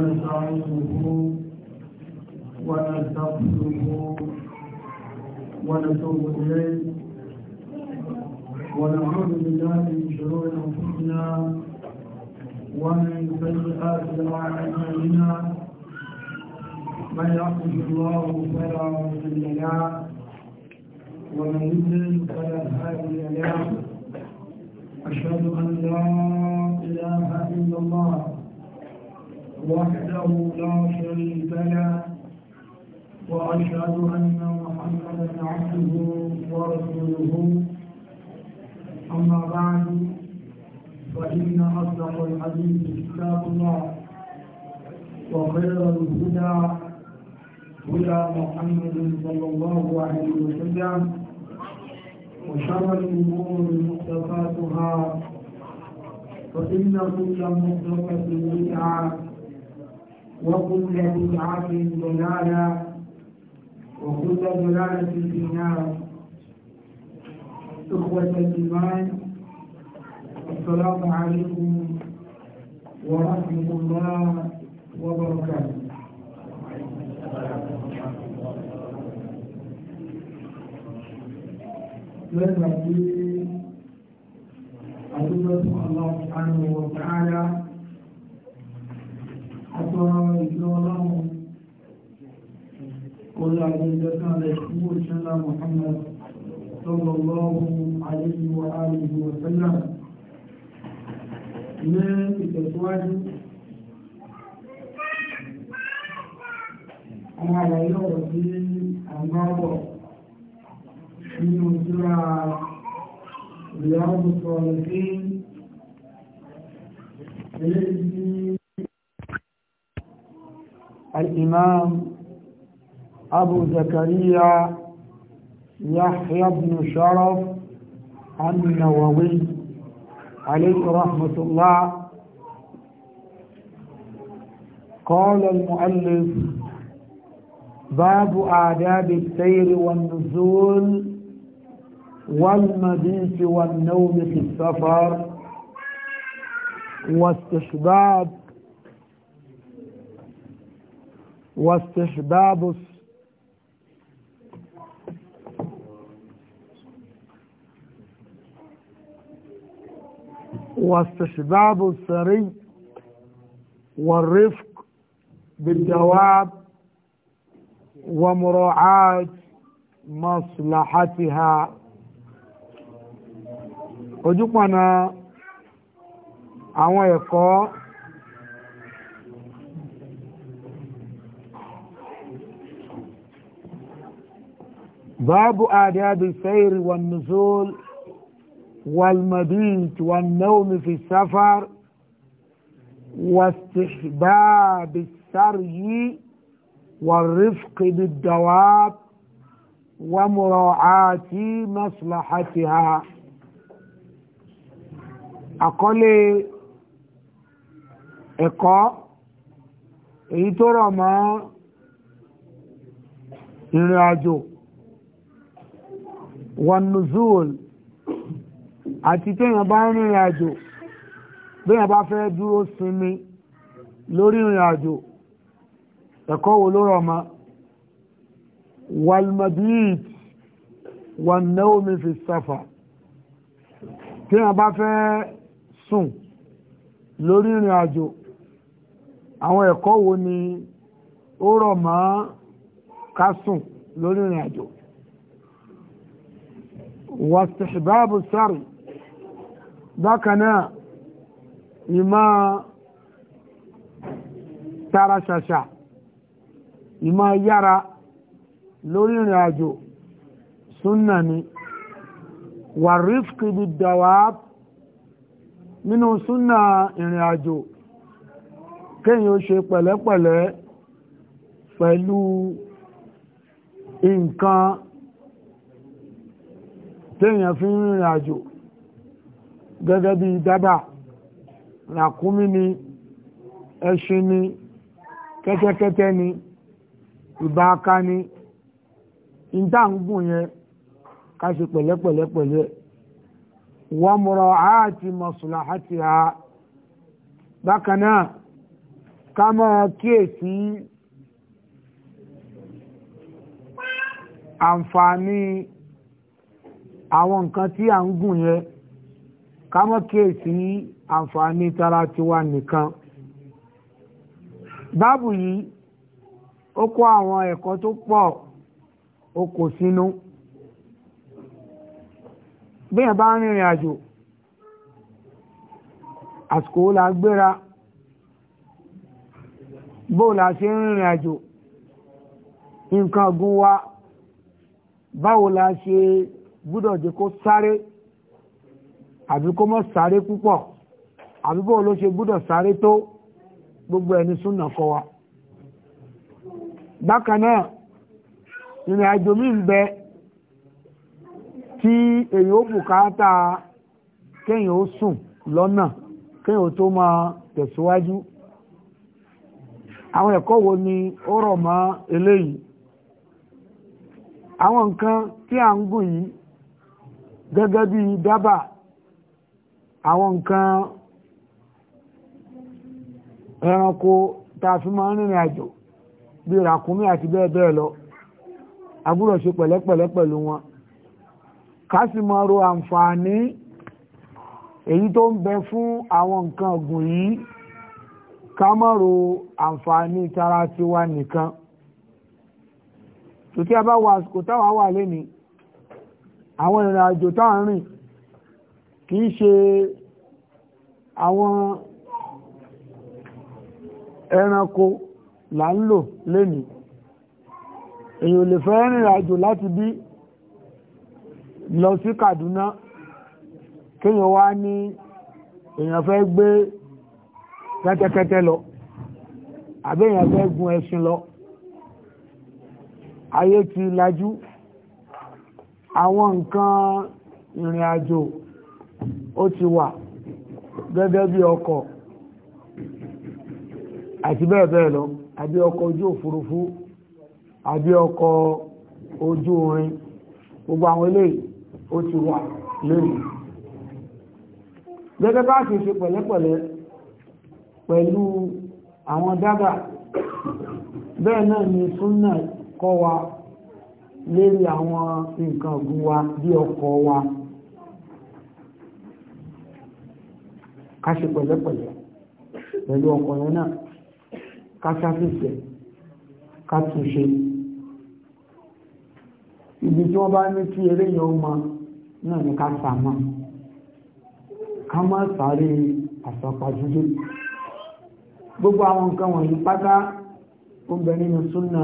ونستعينه ونستغفره ونتوب إليه ونعوذ بالله من شرور أنفسنا ومن سيئات أعمالنا من يعبد الله فلا مضل له ومن يضلل فلا هادي له أشهد أن لا إله إلا الله وحده لا شريك له وأشهد أن محمدا عبده ورسوله أما بعد فإن أصدق الحديث كتاب الله وخير الهدى هدى محمد صلى الله عليه وسلم وشر الأمور محدثاتها فإن كل محدثة بدعة وكل بدعة ضلالة وكل ضلالة في النار إخوة الإيمان السلام عليكم ورحمة الله وبركاته لما في أدوة الله سبحانه وتعالى àtọ̀rọ̀ ìlú ọlọ́run orí àjẹ́jọ́sán rẹ̀ fún òṣèlá Muhammad sallallahu alayhi wa alihi wa sallam ní ìtẹ̀síwájú àwọn àlàyé ọ̀rọ̀ sí àgbábọ̀ nínú ìtura ìyàwó sọ̀rọ̀ sí eléyìí الإمام أبو زكريا يحيى بن شرف النووي عليه رحمة الله قال المؤلف باب آداب السير والنزول والمبيت والنوم في السفر واستحباب واستحباب واستحباب السري والرفق بالجواب ومراعاة مصلحتها ojúpọ̀nà àwọn ẹ̀kọ́ باب آداب السير والنزول والمبيت والنوم في السفر واستحباب السري والرفق بالدواب ومراعاة مصلحتها أقول إقاء èyí tó rọ̀ wọnùzúl àti téèyàn bá ń rìnrìn àjò béèyàn bá fẹ́ dúró sinmi lórí ìrìn àjò ẹ̀kọ́ wo ló rọ̀ mọ́ walmadid wannawmi fi safar téèyàn bá fẹ́ sùn lórí ìrìn àjò àwọn ẹ̀kọ́ wo ni ó rọ̀ ká sùn lórí ìrìn àjò wàstìṣìbáàbù sáré bákan náà ìmọ̀ tara ṣàṣà ìmọ̀ yára lórí ìrìn àjò súnnà ni wà rífkì bí dawab nínú súnnà ìrìn àjò kéyìn ó ṣe pẹ̀lẹ́pẹ̀lẹ́ pẹ̀lú nǹkan téèyàn fi ń rìnrìn àjò gẹ́gẹ́ bí dábà ràkúnmí ni ẹṣin ni kẹ́tẹ́kẹ́tẹ́ ni ìbaaka ni ìdáǹgùn yẹn ká ṣe pẹ̀lẹ́pẹ̀lẹ́pẹ̀lẹ́ wọ́n mọ̀rọ̀ àti mọ̀sùlá àti ha bákan náà ká máa kíyèsí àǹfààní àwọn nǹkan tí à ń gùn yẹn ká mọ́ kíyèsí àǹfààní tara tiwa nìkan báàbù yìí ó kó àwọn ẹ̀kọ́ tó pọ̀ ó kò sínú bí ẹ̀ bá ń rìnrìn àjò àsìkò la gbéra bó la ṣe ń rìnrìn àjò nǹkan gún wa báwo la ṣe gbúdọ̀ jẹ́ kó sáré àbí kó mọ́ sáré púpọ̀ àbí bó ló ṣe gbúdọ̀ sáré tó gbogbo ẹni súnà kọ́ wa bákan náà ìrìn àjò mi ń bẹ tí èyí ó bùkátà kéèyàn ó sùn lọ́nà kéèyàn ó tó máa tẹ̀síwájú àwọn ẹ̀kọ́ wo ni ó rọ̀ mọ́ eléyìí àwọn nǹkan tí à ń gùn yìí gẹ́gẹ́ bí dábà àwọn nǹkan ẹranko ta fi máa ń rìnrìn àjò bí ràkúnmí àti bẹ́ẹ̀ bẹ́ẹ̀ lọ agbúrò ṣe pẹ̀lẹ́pẹ̀lẹ́ pẹ̀lú wọn ká sì máa ro àǹfààní èyí tó ń bẹ fún àwọn nǹkan ọ̀gùn yìí ká má ro àǹfààní tara tiwa nìkan tòkí a bá wà àsìkò táwa wà lénìí àwọn ìrìn àjò táà ń rìn kìí ṣe àwọn ẹranko là ń lò lénìí èyàn lè fẹ́ rìnrìn àjò láti bí lọ sí Kaduna kíyàn wá ní èyàn fẹ́ gbé kẹ́tẹ́kẹ́tẹ́ lọ àbí fẹ́ gun ẹṣin lọ ayé ti lajú àwọn nǹkan ìrìn àjò ó ti wà gẹ́gẹ́ bí ọkọ̀ àti bẹ́ẹ̀ bẹ́ẹ̀ lọ àbí ọkọ̀ ojú òfurufú àbí ọkọ̀ ojú orin gbogbo àwọn eléyìí ó ti wà lónìí gẹ́gẹ́ bá ti ṣe pẹ̀lẹ́pẹ̀lẹ́ pẹ̀lú àwọn dábà bẹ́ẹ̀ náà ni súnnà kọ́ wa lérí àwọn nǹkan ọ̀gbìn wa bí ọkọ̀ wa ká ṣe pẹ̀lẹ́pẹ̀lẹ́ pẹ̀lú ọkọ̀ yẹn náà ká ṣàfihàn ká tún ṣe ibi tí wọ́n bá ní kí eré yẹn ó mọ náà ní ká mọ́ ká má sáré àsọpàdúdé gbogbo àwọn nǹkan wọ̀nyí pátá ó ń bẹ nínú súnà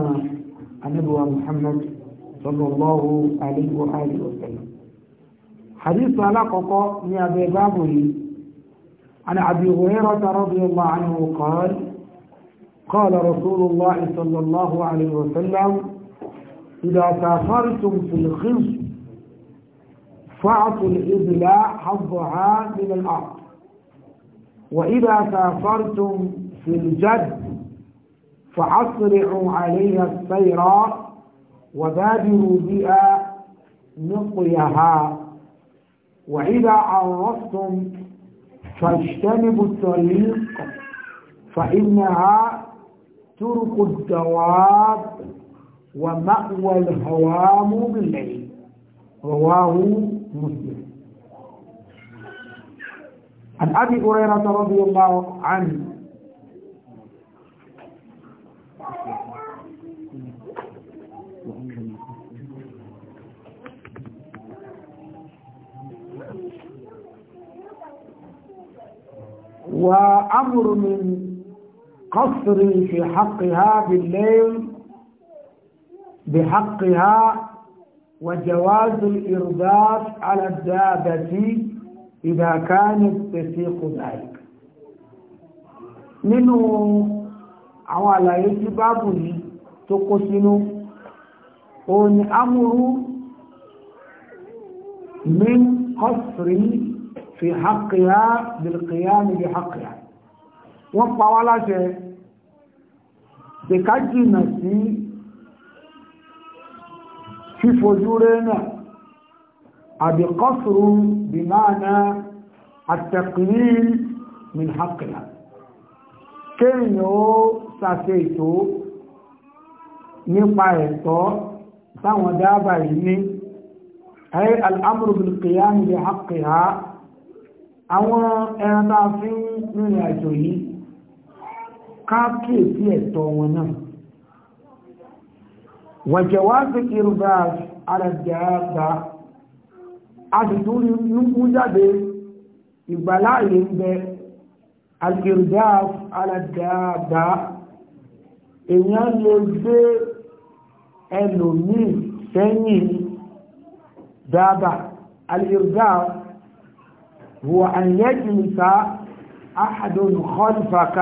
anábíwá Muhammad صلى الله عليه وآله وسلم حديث علاقة من أبي بابه عن أبي هريرة رضي الله عنه قال قال رسول الله صلى الله عليه وسلم إذا سافرتم في الخصم فاعطوا الإذلاء حظها من الأرض وإذا سافرتم في الجد فأسرعوا عليها السيرات وبادروا بها نقيها وإذا عرفتم فاجتنبوا الطريق فإنها ترك الدواب ومأوى الهوام بالليل رواه مسلم عن أبي هريرة رضي الله عنه وأمر من قصري في حقها بالليل بحقها وجواز الإرباط على الدابة إذا كانت تسيق ذلك منه àwọn يتبابه tí báàbù أمر من kó في حقها بالقيام بحقها وانطوالا شيء نسي في فجورنا أبي قصر بمعنى التقليل من حقها كينو ساسيتو نفايتو سوى دابا يمين أي الأمر بالقيام بحقها àwọn ẹran tá a fi ń rìnrìn àjò yìí káàkiri sí ẹ̀tọ́ wọn náà wàjẹ̀wá sí kìrìbà alàjẹ́gbà aṣìtúrí nínú jáde ìgbàláàyè ń bẹ alìkìrìbà alàjẹ́gbà èèyàn lè gbé ẹlòmíì sẹ́yìn dáadáa alìkìrìbà هو أن يجلس أحد خلفك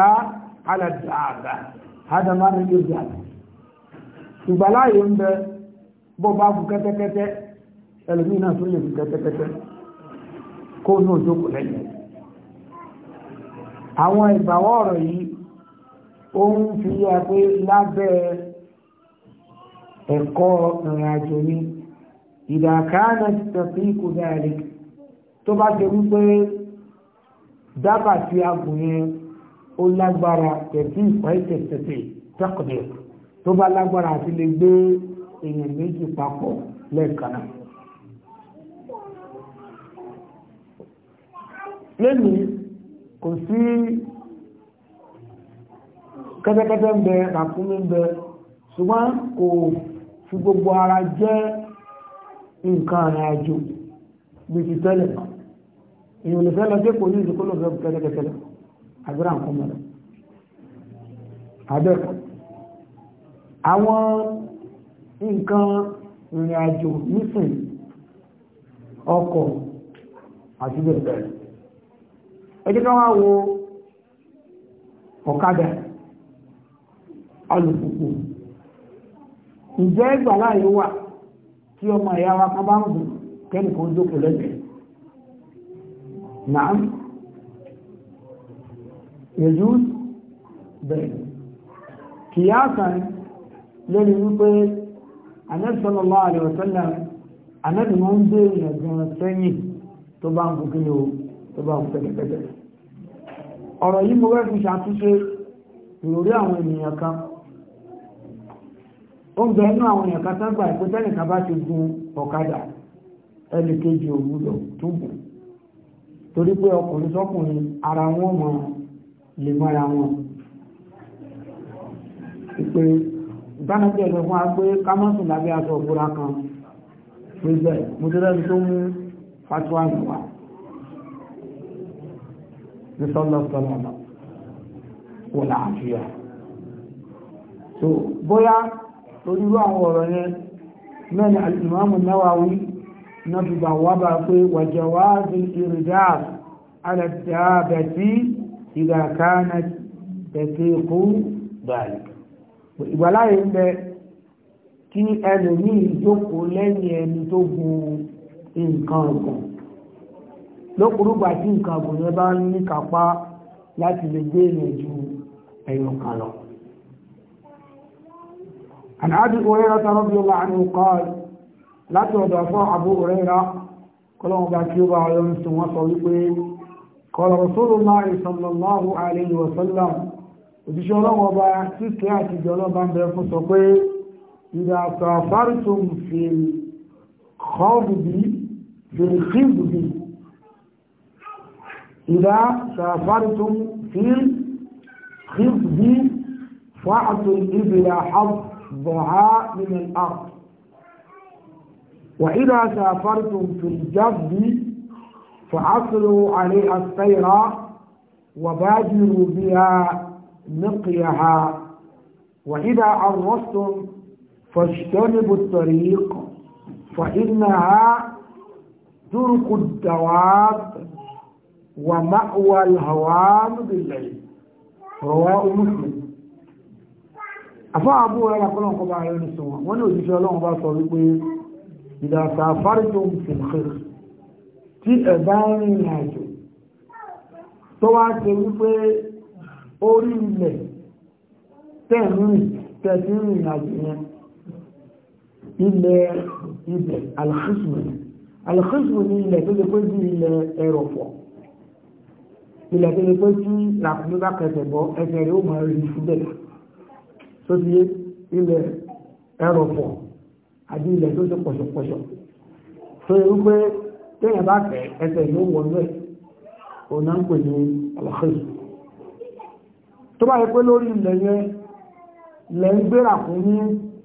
على الدابة هذا ما من يرجع ṣùgbọ́n láàyè ń bẹ bó bá bu kẹ́tẹ́kẹ́tẹ́ ẹlòmíì náà tún lè bu kẹ́tẹ́kẹ́tẹ́ kó ní òjókòó lẹ́yìn àwọn ìgbàwọ́ ọ̀rọ̀ yìí ó ń fi yẹ pé lábẹ́ ẹ̀kọ́ ìrìn àjò ni ìdàkánà ti tẹ̀sí kù dáadéé tó bá ṣe wípé dábàá tí a gùn yẹn ó lágbára tẹ̀sí ìfẹ́ tẹ̀tẹ̀ tẹ́kọ̀dẹ̀ tó bá lágbára àti lè gbé èèyàn méjì papọ̀ lẹ́ẹ̀kan náà. lẹ́nìí kò sí kẹ́tẹ́kẹ́tẹ́ ń bẹ ràkúnmí ń bẹ ṣùgbọ́n kò fi gbogbo ara jẹ́ nǹkan àrìn àjò gbèsè tẹ́lẹ̀ náà èyí ò lè fẹ́ lọ sí èkó ní ìdíkó ló fẹ́ kẹlẹkẹlẹ àdúrà nǹkan mọ̀ rẹ̀ àbẹ́ẹ̀kọ́ àwọn nǹkan ìrìn àjò nísìn ọkọ̀ àti bẹ̀rẹ̀ ẹjẹ́ ká wá wo ọ̀kadà alùpùpù ǹjẹ́ ìgbàláyé wà tí ọmọ ìyá wa kan bá ń gùn kẹ́nìkan jókòó lẹ́gbẹ̀ẹ́ نعم يجوز بين قياسا lórí wípé anẹ́sọ́lọ́lá àríwọ̀sọ́lẹ̀ anẹ́bì wọ́n ń béèrè ẹ̀gbọ́n sẹ́yìn tó bá ń gùnkí o tó ọ̀rọ̀ yìí mo wẹ́fún ṣàtúnṣe ìròrí àwọn ènìyàn kan ó ń bẹ inú àwọn èèyàn kan ságbà ìpótẹ́nìkan bá ti gun ọ̀kadà ẹnìkejì òwúlọ̀ túbùn torí pé ọkùnrin sọ́kùnrin ara wọn mọ̀ lè mọ́ra wọn ìpè ìbánajẹ́ ẹ̀lẹ́ fún agbé kámọ́sùn lábẹ́ aṣọ òbúra kan pẹ̀lẹ̀ mọ́tẹ́lẹ́bí tó mú fatuwa ìwà ní sọ́lọ́sọ́lọ́lọ́ wọ́n láàáfíà imam an-Nawawi نبي وبقي وجواز الإرداف على الدابة إذا كانت تثيق ذلك ولا يمكن kí ẹlòmíì jókòó lẹ́yìn ẹni tó gun nǹkan ọ̀gùn lókùrúgbà tí nǹkan ọ̀gùn yẹn bá ní kápá láti lè gbé èèyàn ju ẹ̀yàn kan lọ. عن أبي هريرة رضي الله عنه قال láti ọ̀dọ̀ fún Abu Huraira kọlọ́wọ́n bá kí ó bá ọyọ́ ní wọ́n sọ wípé kọlọ̀ Rasulullahi sallallahu alayhi wa sallam òjíṣẹ́ ọlọ́wọ́ bá kíkẹ́ àti ìjọlọ́ bá ń bẹ fún sọ pé ìdá safartum fil khawdi fil وإذا سافرتم في الجب فأصلوا عليها السير وبادروا بها نقيها وإذا عرستم فاجتنبوا الطريق فإنها ترك الدواب ومأوى الهوام بالليل رواه مسلم أفا أبو هريرة قال لهم قبائل السماء وأنا أجيش لهم بقى ìdàsà fárídùn fìlìfìlì tí ẹ̀bá rìnrìn àjò tó wá ṣe wípé orí ilẹ̀ tẹ̀rìn tẹ̀rìn rìnrìn àjò yẹn ilẹ̀ ibẹ̀ alhísmù alhísmù ní ilẹ̀ tó lè pé bí ilẹ̀ ẹ̀rọ̀fọ̀ ilẹ̀ tó lè pé tí làkúnlé bá kẹsẹ̀ bọ́ ẹsẹ̀ rẹ̀ ó máa rí síbẹ̀ tó ti ilẹ̀ ẹ̀rọ̀fọ̀ àbí ilẹ̀ tó ṣe pọ̀ṣọ̀pọ̀ṣọ̀ tó yẹ wípé téèyàn bá fẹ́ ẹsẹ̀ yóò wọ bẹ́ẹ̀ òun náà ń pè ní alhaji tó bá yẹ pé lórí ilẹ̀ yẹn lẹ́ ń gbéra fún ní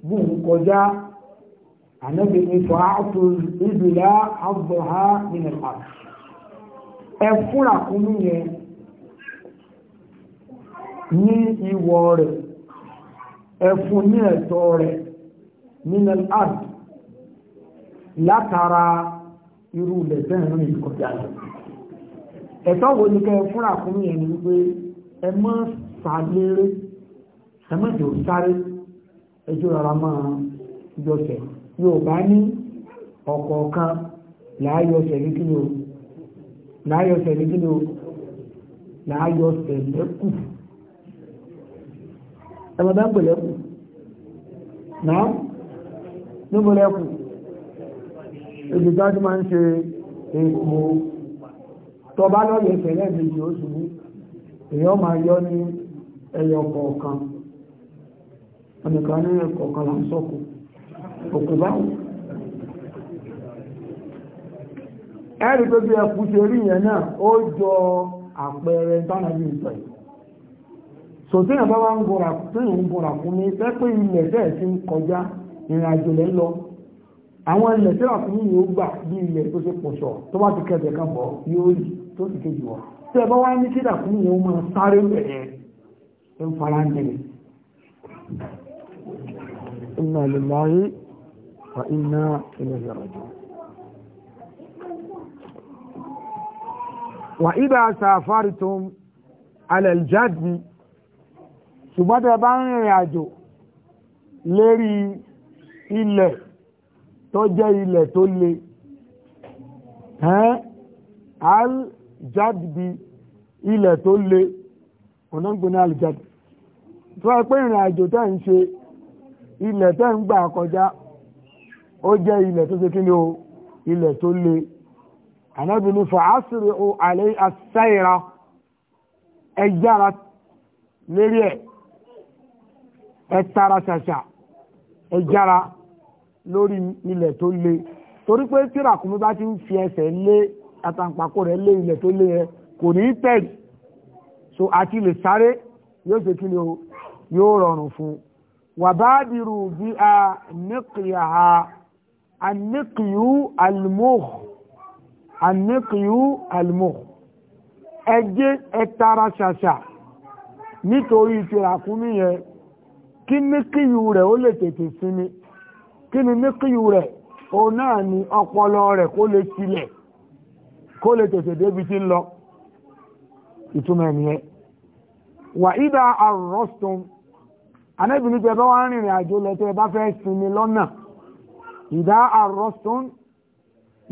bùn kọjá ànábì ní fọ́ àtò ìbìlá àbọ̀há nínú àrùn ẹ fúnra fún ní yẹn ní ìwọ̀ rẹ̀ ẹ fún ní ẹ̀tọ́ rẹ̀ minal ard látara irú ilẹ̀ tẹ́ẹ̀ rìn kọjá lọ ẹ̀tọ́ wo ni kẹ́ fúnra fún mi ẹni wípé ẹ mọ́ sàléré ẹ mọ́ jò sáré ẹjọ́ rárá máa yọ̀ṣẹ̀ yóò bá ní ọ̀kọ̀ọ̀kan láyọ̀ṣẹ̀ ní kí ni láyọ̀ṣẹ̀ ní kí ni o láyọ̀ṣẹ̀ lẹ́kù ẹ̀mọ̀dá pẹ̀lẹ́kù náà níbo lẹ́kù ibi tó ti máa ń ṣe èkó tọba lọ́yẹ̀ tẹ̀lẹ̀ méjì ó èyàn máa yọ ní ẹyọ kọ̀ọ̀kan ọ̀nìkan ní ẹ̀kọ̀ọ̀kan là ń sọ́kù òkú báwò ẹ̀rì pé bí ẹkù ṣe rí yẹn náà ó jọ àpẹẹrẹ tánàbí bá wá ń ilẹ̀ ti ń kọjá ìrìn àjò lẹ́ ń lọ àwọn ilẹ̀ tí ràkúnmí yóò gbà bí ilẹ̀ tó ṣe pọ̀ sọ tó bá ti kẹsẹ̀ kan bọ̀ yóò rí tó sì kejì wọ̀ tí ẹ bá ní kí ràkúnmí yóò máa sáré bẹ̀rẹ̀ ẹ ń fara ń jẹrẹ. inna lillahi wa inna ilayhi raji'un. wa idha safartum ala al-jaddi ṣùgbọ́n tẹ bá ń rìnrìn àjò lérí ilẹ̀ tó jẹ́ ilẹ̀ tó le ẹ́n aljadbi ilẹ̀ tó le ọ̀nà ń gbé ní aljadbi tó ẹ pé ìrìn àjò tẹ́ ń ṣe ilẹ̀ tẹ́ ń gbà kọjá ó jẹ́ ilẹ̀ tó ṣe kí ni o ilẹ̀ tó le ní fa asiri o àlẹ́ asáìra ẹ lérí ẹ̀ ṣàṣà lórí ilẹ̀ tó le torí pé tí ràkúnmí bá ti ń fi ẹsẹ̀ lé àtàǹpàkò rẹ̀ lé ilẹ̀ tó le yẹn kò ní tẹ̀lé so àti lè sáré yóò ṣe kí ni o yóò rọrùn fún un wàbáàdìrú bí a níkìyà ha aníkìyú almuh aníkìyú almuh ẹ jẹ́ ṣàṣà nítorí ti yẹn kí níkìyú rẹ̀ ó lè tètè sinmi kí ni níkìyù rẹ̀ òun náà ni ọpọlọ rẹ̀ kó lè tilẹ̀ kó lè tètè débi tí ń lọ ìtumọ̀ ẹ̀nìyẹn wà ìdá àrọ́stọ̀n anábìnrin tẹ bá wá ń rìnrìn àjò lọ tẹ bá fẹ́ sinmi lọ́nà ìdá àrọ́stọ̀n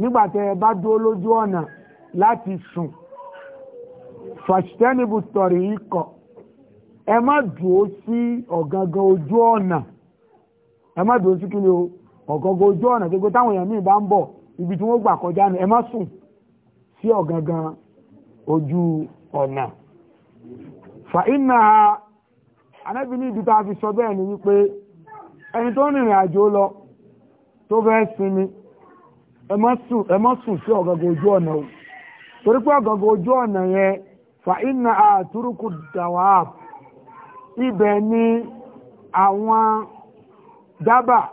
nígbà tẹ bá dúró lójú ọ̀nà láti sùn fàṣítẹ́nìbù tọ̀rí ikọ̀ ẹ má dúró sí ọ̀gangan ojú ọ̀nà ẹ má dùn sí kí o ọ̀gọ̀gọ̀ ojú ibi tí wọ́n gbà kọjá ni ẹ má sùn sí ọ̀gangan ojú ọ̀nà fa anábì ní tá a fi sọ bẹ́ẹ̀ ni wípé ẹni tó ń rìnrìn àjò lọ tó fẹ́ sinmi ẹ má sùn sí o torí pé ọ̀gangan ojú ọ̀nà yẹn fa iná dàwà ibẹ̀ ni àwọn dábà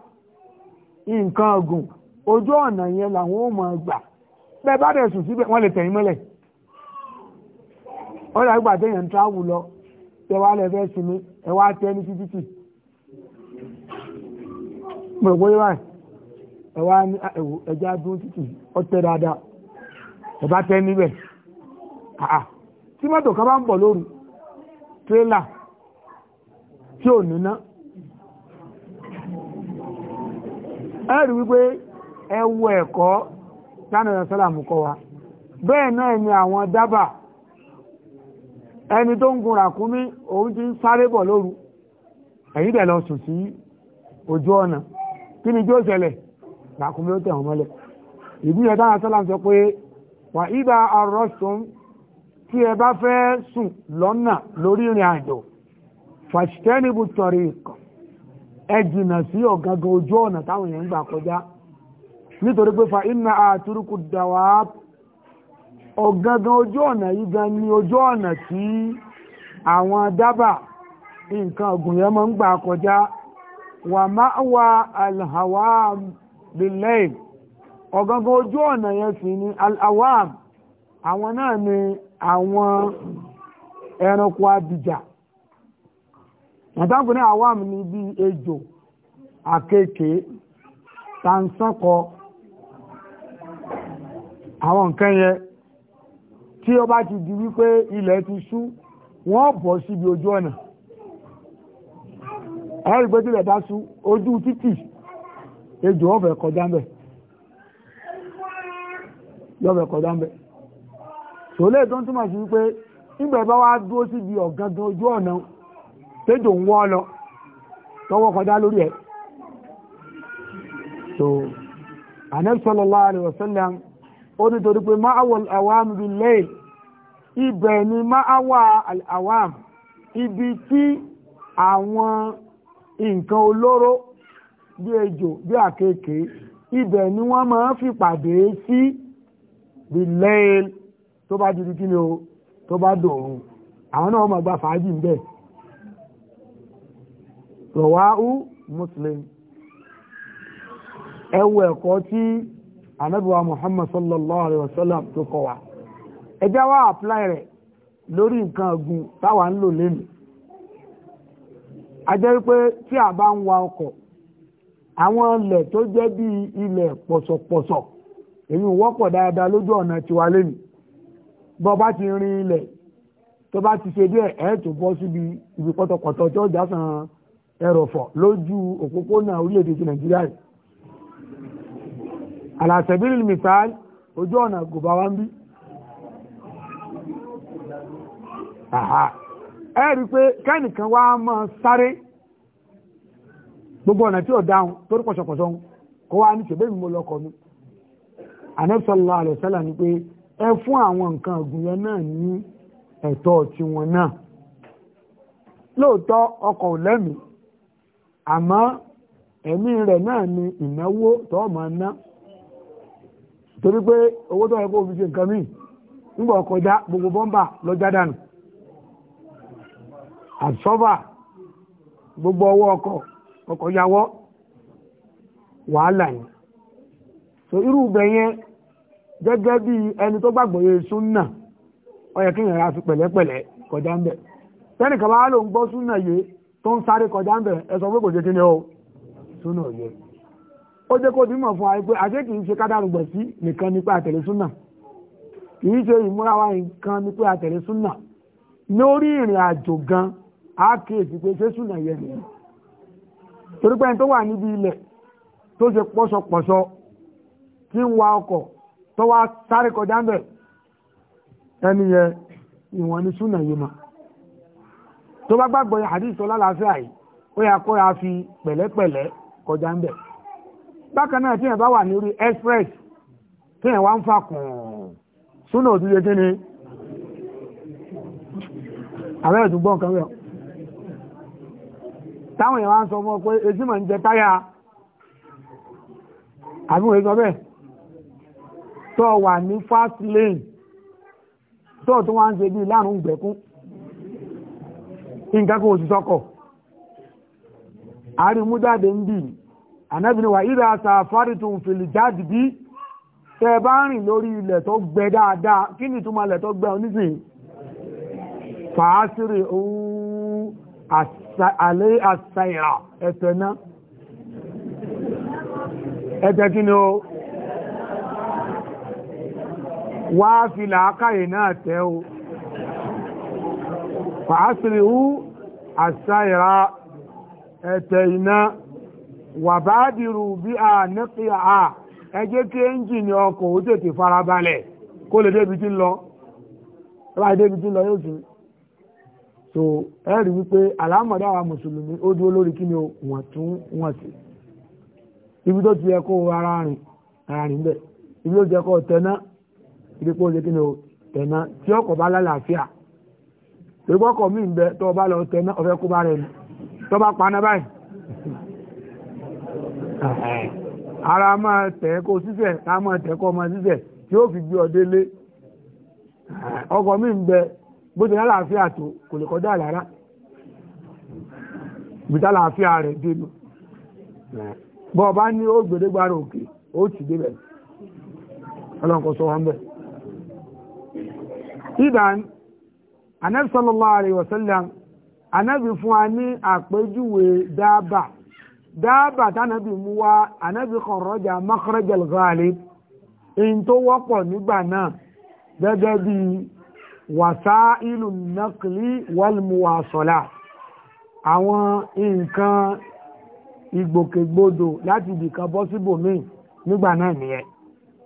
nǹkan ọ̀gùn ojú ọ̀nà yẹn làwọn ò mọ̀ gbà bẹ́ẹ̀ bá dẹ̀ sùn síbẹ̀ wọ́n lè tẹ̀yìn mọ́lẹ̀ wọ́n dàgbà téèyàn ń tíráwù lọ tẹ wá lẹ́fẹ́ sinmi ẹ wá tẹ́ ní títí pẹ̀lú ìwà ẹ̀wà ẹ̀wò ẹja dún títì ọtẹ dáadáa ẹ̀bá tẹ́ níbẹ̀ àà tí mọ́tò kan bá ń bọ̀ lóru tírélà tí ò ẹ̀rí wípé ẹwọ ẹ̀kọ́ tánàrà sálàmù kọ́ wa bẹ́ẹ̀ náà ni àwọn dábà ẹni tó ń gun ràkúnmí òun ti ń sáré bọ̀ lóru ẹ̀yìn dẹ̀ lọ sùn sí ojú ọ̀nà kí ni jó ṣẹlẹ̀ ràkúnmí ó tẹ̀wọ̀n mọ́lẹ̀ ìbíyẹ tánàrà sálàmù sọ pé wà ìdá ọ̀rọ̀ sùn tí ẹ bá fẹ́ sùn lọ́nà lórí ìrìn àjò fàṣítẹ́nìbù tọ̀rí ìkàn Egina si sí ọ̀gangan ojú ọ̀nà táwọn èèyàn ń gbà kọjá nítorí pé fa iná àtúrúkú dàwà ọ̀gangan ojú ọ̀nà yìí gan ni ojú ọ̀nà tí àwọn dábà nǹkan ọ̀gùn yẹn máa ń gbà kọjá wà máa wa alhawam bilail ọ̀gangan ojú ọ̀nà yẹn sì ni alhawam àwọn náà ni àwọn ẹranko abìjà mọ̀tàkù ní àwàm ní bí ejò àkekè tàǹsọ́kọ àwọn nǹkan yẹn tí ó bá ti di wípé ilẹ̀ ti ṣú wọ́n bọ̀ síbi ojú ọ̀nà ẹ̀rí pé tílẹ̀ bá ṣú ojú títì ejò ọ̀fẹ́ kọjá ń bẹ̀ yọ̀fẹ́ kọjá ń bẹ̀ ṣòlẹ́ tó ń túmọ̀ sí wípé nígbà bá wá dúró síbi ọ̀gangan ojú ọ̀nà tẹ́jọ ń wọ́ lọ tọwọ́ kọjá lórí ẹ̀ so Ànábì sallallahu ó ní torí pé máàwọ̀ àwàm bí lẹ́yìn ibẹ̀ ni máàwà àwàm ibi tí àwọn nǹkan olóró bí ejò bí àkekèé ibẹ̀ ni wọ́n máa fi pàdé sí bí lẹ́yìn tó bá di kí ni o tó bá dòrùn àwọn náà máa gba fàájì ń bẹ́ẹ̀ rọ̀wáhù muslim ẹwọ ẹ̀kọ́ tí anábíwa muhammad sallallahu alaihi wasallam tó kọ wa ẹjá wá apply rẹ̀ lórí nǹkan ọ̀gùn táwa ń lò lẹ́nu a jẹ́ wípé tí a bá ń wa ọkọ̀ àwọn ilẹ̀ tó jẹ́ bí ilẹ̀ pọ̀sọ̀pọ̀sọ̀ èyí wọ́pọ̀ dáadáa lójú ọ̀nà tiwa lẹ́nu bọ́ bá ti rin ilẹ̀ tó bá ti ṣe díẹ̀ ẹ̀ tó bọ́ síbi ibi pọ̀tọ̀pọ̀tọ̀ tí ó jásán ẹrọ̀fọ̀ lójú òpópónà orílẹ̀-èdè ti nàìjíríà yìí àlàsẹ̀bílì mìsáàl ojú ọ̀nà gòbá wá ń bí ẹ̀rí pé kẹ́nìkan wá máa sáré gbogbo ọ̀nà tí ó dáhùn torí pọ̀ṣọ̀pọ̀ṣọ̀ kó wá ní ṣèbẹ́ mi mo lọ́kọ̀ mi Ànábì sallallahu ni pé ẹ fún àwọn nǹkan ọ̀gùnyẹn lóòótọ́ ọkọ̀ lẹ́mìí àmọ́ ẹ̀mí rẹ̀ náà ni ìnáwó tó máa ná torí pé owó tó yẹ kó ṣe nǹkan míì nígbà ọkọjá gbogbo bọ́mbà lọ́jà dànù gbogbo ọwọ́ ọkọ̀ ọkọ̀ yàwọ́ wàhálà yìí so irú yẹn gẹ́gẹ́ bí ẹni tó gbàgbọ́ yẹ súnà yẹ kí fi pẹ̀lẹ́pẹ̀lẹ́ kọjá ń bẹ̀ tẹ́nìkan bá tó ń sáré kọjá ń bẹ̀ ẹsọ pé kò jẹ́ kíni o súnà yẹ ó jẹ́ kó dímọ̀ fún wa pé kìí ṣe kádàrúgbọ̀ sí nìkan súnà kìí ṣe nìkan ni súnà lórí ìrìn àjò gan á kíyèsí pé ṣé súnà yẹ nìyẹn torí pé tó wà níbi ilẹ̀ tó ṣe pọ́ṣọpọ̀ṣọ tí ń wa ọkọ̀ tó wá sáré kọjá ń bẹ̀ ẹni tó bá gbàgbọ́ hadith tó lálàáfíà yìí ó yà kó ya fi pẹ̀lẹ́pẹ̀lẹ́ kọjá ń bẹ̀. bákan náà tí yẹn bá wà ní orí express tí yẹn wá ń fa kùn súnà òdúyẹ kí ni àwẹ́ ẹ̀tún gbọ́n kan rẹ̀ táwọn èèyàn wá ń sọ fún ọ pé etí mọ̀ ń jẹ táyà àbí wọ́n sọ bẹ́ẹ̀ tó wà ní fast lane tó tún wá ń ṣe bí láàrún gbẹ̀kún nǹkan kò sí sọ́kọ̀ àrímújáde ń bì ànábìnrin wà ìrà sàfárì tó ń fèlè jáde bí tẹ bá rìn lórí ilẹ̀ tó gbẹ dáadáa kí ni ìtumọ̀ ilẹ̀ tó gbẹ onísìn fàásìrì òun àlẹ́ àṣàyà ẹ̀fẹ̀ náà فعصره السير أتينا وبادروا بها نقيعا ẹ jẹ́ kí ẹ́ńjìnì ọkọ̀ ó tètè farabalẹ̀ kó lè débi tí ń lọ so ẹ wípé àlámọ̀dá wa mùsùlùmí ó dúró lórí kí ni wọ́n tún ibi tó ti yẹ kó ara rìn ara rìn ibi tó ti yẹ kó ibi tó ti yẹ kí ni tẹ̀ná tí ọkọ̀ bá ìgbọ́kọ̀ mí bẹ tó bá lọ tẹ ọ̀fẹ́ kó bá rẹ̀ tó bá báyìí ara máa tẹ̀ kó ká máa máa tí ó fi gbé ọdẹ lé ọkọ̀ mí bẹ bó ti lálàáfíà tó kò lè kọjá rárá ibi tálàáfíà rẹ̀ dénú bọ́ bá ní ó gbèdégbára òkè ó ti débẹ̀ ọlọ́nkọ̀ sọ anabi sallallahu alayhi wa sallam anabi fún wa ní àpèjúwe dáàbà dáàbà tánàbì mú wá anabi kharaja makhrajal ghalib èyí tó wọ́pọ̀ nígbà náà gẹ́gẹ́ bí wasailu naqli wal muwasalat àwọn nǹkan ìgbòkègbodò láti ibìkan bọ́ síbòmíì nígbà náà nìyẹn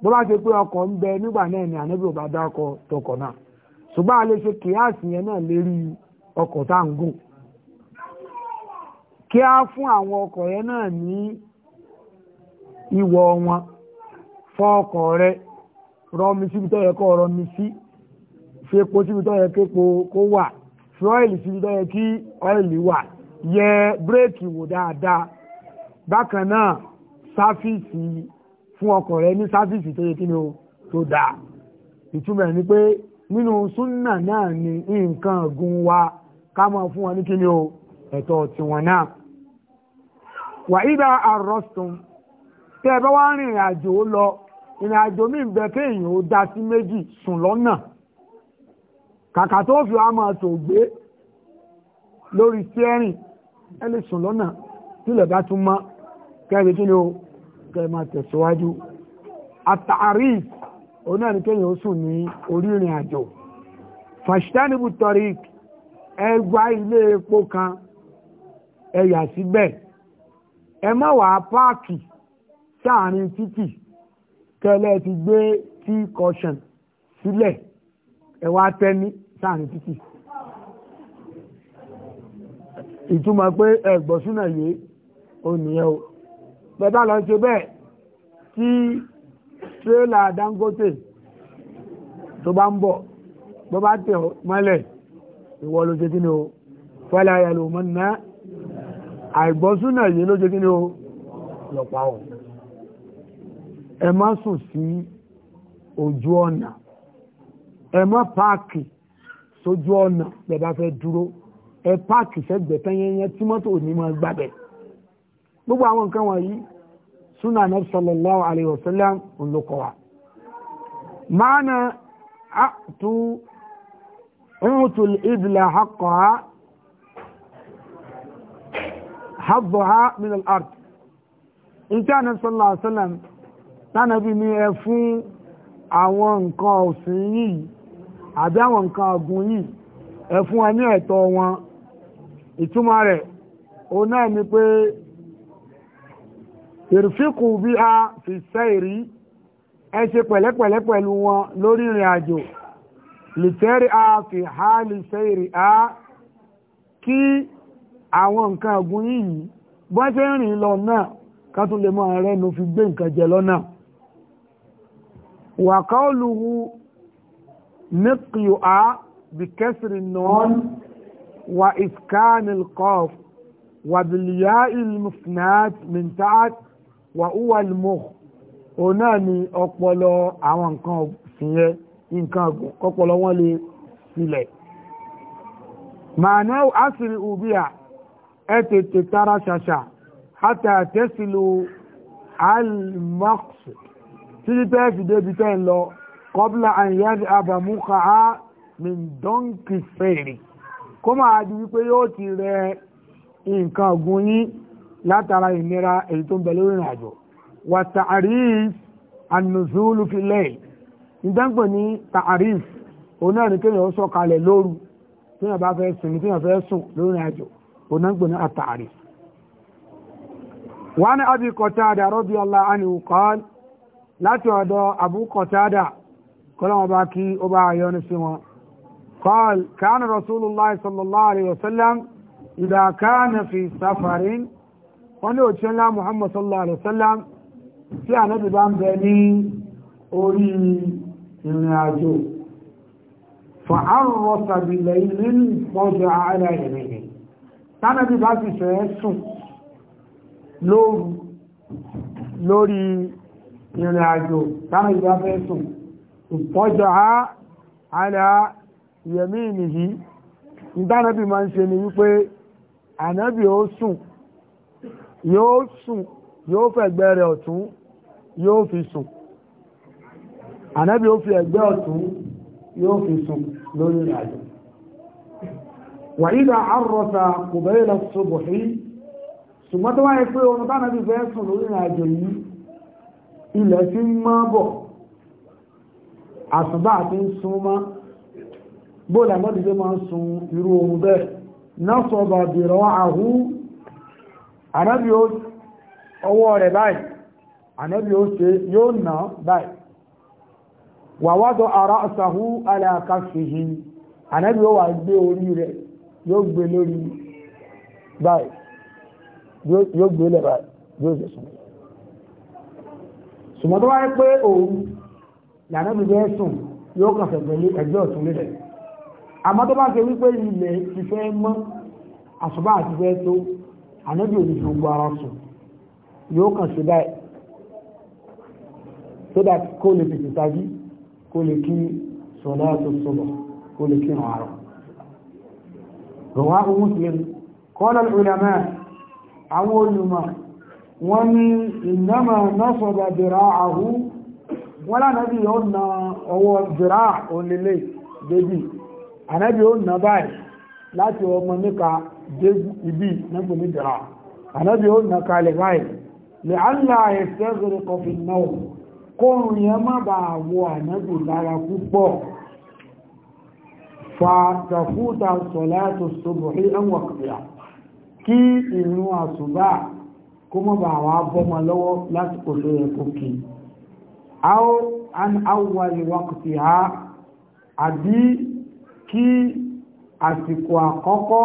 bó bá ṣe pé ọkọ̀ ń bẹ nígbà náà ni ànábì ò bá dákọ̀ tọkọ̀ náà ṣùgbọ́n a lè ṣe kíyàsí yẹn náà lérí ọkọ̀ tá ń gùn kí á fún àwọn ọkọ̀ yẹn náà ní ìwọ̀ wọn fọ ọkọ̀ rẹ rọmi síbi tó yẹ kó rọmi sí fepo síbi tó yẹ képo kó wà fi ọ́ìlì síbi tó yẹ kí ọ́ìlì wà yẹ bírèkì wò dáadáa bákan náà sáfíìsì fún ọkọ̀ rẹ ní sáfíìsì tó yẹ kí ni o tó dáa ìtumọ̀ ẹ̀ ni pé nínú súnnà náà ni nǹkan ọ̀gùn wa ká máa fún wọn ní kí ni o ẹ̀tọ́ tiwọn náà wà ìdá àrọ́sùn tẹ́ ẹ bá wá rìnrìn àjò lọ ìrìn àjò mí ń bẹ kéèyàn ó dá sí méjì sùn lọ́nà kàkà tó fi wá máa tò gbé lórí tíẹ́rìn ẹ lè sùn lọ́nà tílẹ̀ bá tún mọ́ kẹ́ẹ̀bí kí ni o kẹ́ẹ̀ máa tẹ̀síwájú àtàríkù òun náà ni kéèyàn ó sùn ní orí ìrìn àjò fàṣítánìbù tọrík ẹ gba ilé epo kan ẹ yà síbẹ̀ ẹ má wàá páàkì sáàrin títì kẹlẹ́ ti gbé tí kọ̀ṣàn sílẹ̀ ẹ wá tẹ́ni sáàrin títì ìtumọ̀ pé ẹgbọ̀súnà yìí ò nìyẹn o bẹ́ẹ̀ bá lọ ṣe bẹ́ẹ̀ tí tírélà Dangote tó bá ń bọ̀ bọ́ bá tẹ̀ mọ́lẹ̀ ìwọ ló ṣe kí o fẹ́lẹ̀ ayẹlò mọ́ ní àìgbọ́súnà yìí ló ṣe kí o lọ́pàá ọ̀ ẹ má sùn sí ojú ọ̀nà ẹ má páàkì sójú ọ̀nà bẹ̀bá fẹ́ dúró ẹ páàkì sẹ́gbẹ̀ẹ́ tẹ́yẹyẹ tí mọ́tò ní máa gbàbẹ̀ gbogbo àwọn nǹkan wọ̀nyí súnà náà sallallahu alayhi wa sallam olùkọ́wà maana àtú ọ̀tù ìbìlà haqqaha haqqaha min ha ard ìjá náà sallallahu alayhi wa sallam tánàbí ni ẹ fún àwọn nǹkan ọ̀sìn yìí àbí àwọn nǹkan ọ̀gùn yìí ẹ fún ẹ ní ẹ̀tọ́ wọn ìtumọ̀ rẹ̀ ni ìrìfíkù bí a fi sẹ́ẹ̀rí ẹ ṣe pẹ̀lẹ́pẹ̀lẹ́ pẹ̀lú wọn lórí ìrìn àjò lìtẹ́rì a fi ha lè sẹ́ẹ̀rí a kí àwọn nǹkan ọ̀gùn yìí bọ́n ṣe ń rìn lọ náà ká tún lè máa rẹ́nu fi gbé nǹkan jẹ lọ́nà wàkọ́ọ̀lùhù níkìyù a bí kẹsìrì náà wa iskanil wàbìlìyà ilmùsùnàt mìntáàtì wàhúwà lùmọ̀ òun náà ni ọpọlọ àwọn nǹkan ọ̀sìn yẹn nǹkan ọpọlọ wọn lè sílẹ̀ màánà àṣírí ubíà ẹ tètè tara ṣàṣà hátà tẹ́sílù almax títí tẹ́ fi débi tẹ́ ń lọ kọ́bílà àyíyájú àbàmúkà á mìndọ́nkì fèrè kó máa di wípé yóò ti rẹ nǹkan ọ̀gùn yín látara ìnira èyí tó ń bẹ lórí ìrìn àjò wà ta'arif an-nuzulu fil layl ìdánpẹ̀ ní ta'arif òun náà ní kéèyàn sọ kalẹ̀ lóru kéèyàn bá fẹ́ sùn ní kéèyàn fẹ́ sùn lórí ìrìn àjò òun náà ń pè ní at-ta'arif. wà á ní Abi Qatada radiyallahu anhu qala láti ọ̀dọ̀ Abu Qatada kọ́lọ́wọ́n bá kí ó bá yọ́nú sí wọn. قال كان رسول الله صلى الله عليه وسلم إذا كان في سفر wani ocin la muhammadu sallallahu alaihi wasallam ti a ba n bẹ ni irin ajo fa an rọta bilẹ irin pọjọ ara ẹrẹ rẹ ta nabi ba fi fẹ sun lori irin ajo ta nabi ba fẹ sun pọjọ ara yẹmi nìyí ta nabi ma n ṣe ni wípé anabi o sun yóò sùn yóò fẹ́ rẹ̀ ọ̀tún yóò fi sùn ànábì ó fi ẹgbẹ́ ọ̀tún yóò fi sùn lórí ìrìnàjò wà ìdá àrọ̀ta kò bẹ̀rẹ̀ lọ sọ́bọ̀ sí ṣùgbọ́n tó wáyé pé oòrùn tánàbí fẹ́ sùn lórí ìrìnàjò yìí ilẹ̀ ti ń mọ́ bọ̀ àsùbá àti ń sún mọ́ bóòlù àmọ́dìdé máa ń sun irú ohun bẹ́ẹ̀ náà sọ bàbìrọ̀ àhú ànábì ó ọwọ́ rẹ̀ báyìí ànábì ó ṣe yóò nà báyìí ara ṣàhú aláàkàfihì ànábì ó wà gbé orí rẹ̀ yóò gbé lórí báyìí yóò gbé lẹ̀ báyìí yóò jẹ́ sùn ṣùgbọ́n tó wá pé òun lànábì bẹ́ẹ̀ sùn yóò ànábì òní fi gbogbo ara sùn yóò kàn sí báyìí so that kó lè tètè tají kó le kí sọ̀dá tó sọ̀bọ̀ kó lè kí hàn àrọ̀ rọ̀wáhùn muslim kọ́lá ìrìnàmẹ́ àwọn olùmọ̀ wọ́n ní ìnáma násọ̀dá dìrá àhú wọ́n lánàbí yóò na ọwọ́ na lati dé ibi nígbò ní dìrà ànábì ó nà kalẹ̀ báyìí lè allah ẹ̀sẹ̀gẹ̀rẹ̀ kọfí náà kóòrùn yẹn má bàa wọ ànábì lára púpọ̀ fa tàfúta sọ̀láàtò sọ̀bọ̀hí ẹwọ̀kìyà kí ìrun àsùbá kó mọ́ bá wà bọ́mọ lọ́wọ́ láti kò lóye kò áwọ́ an awwali waqtiha àbí kí àsìkò àkọ́kọ́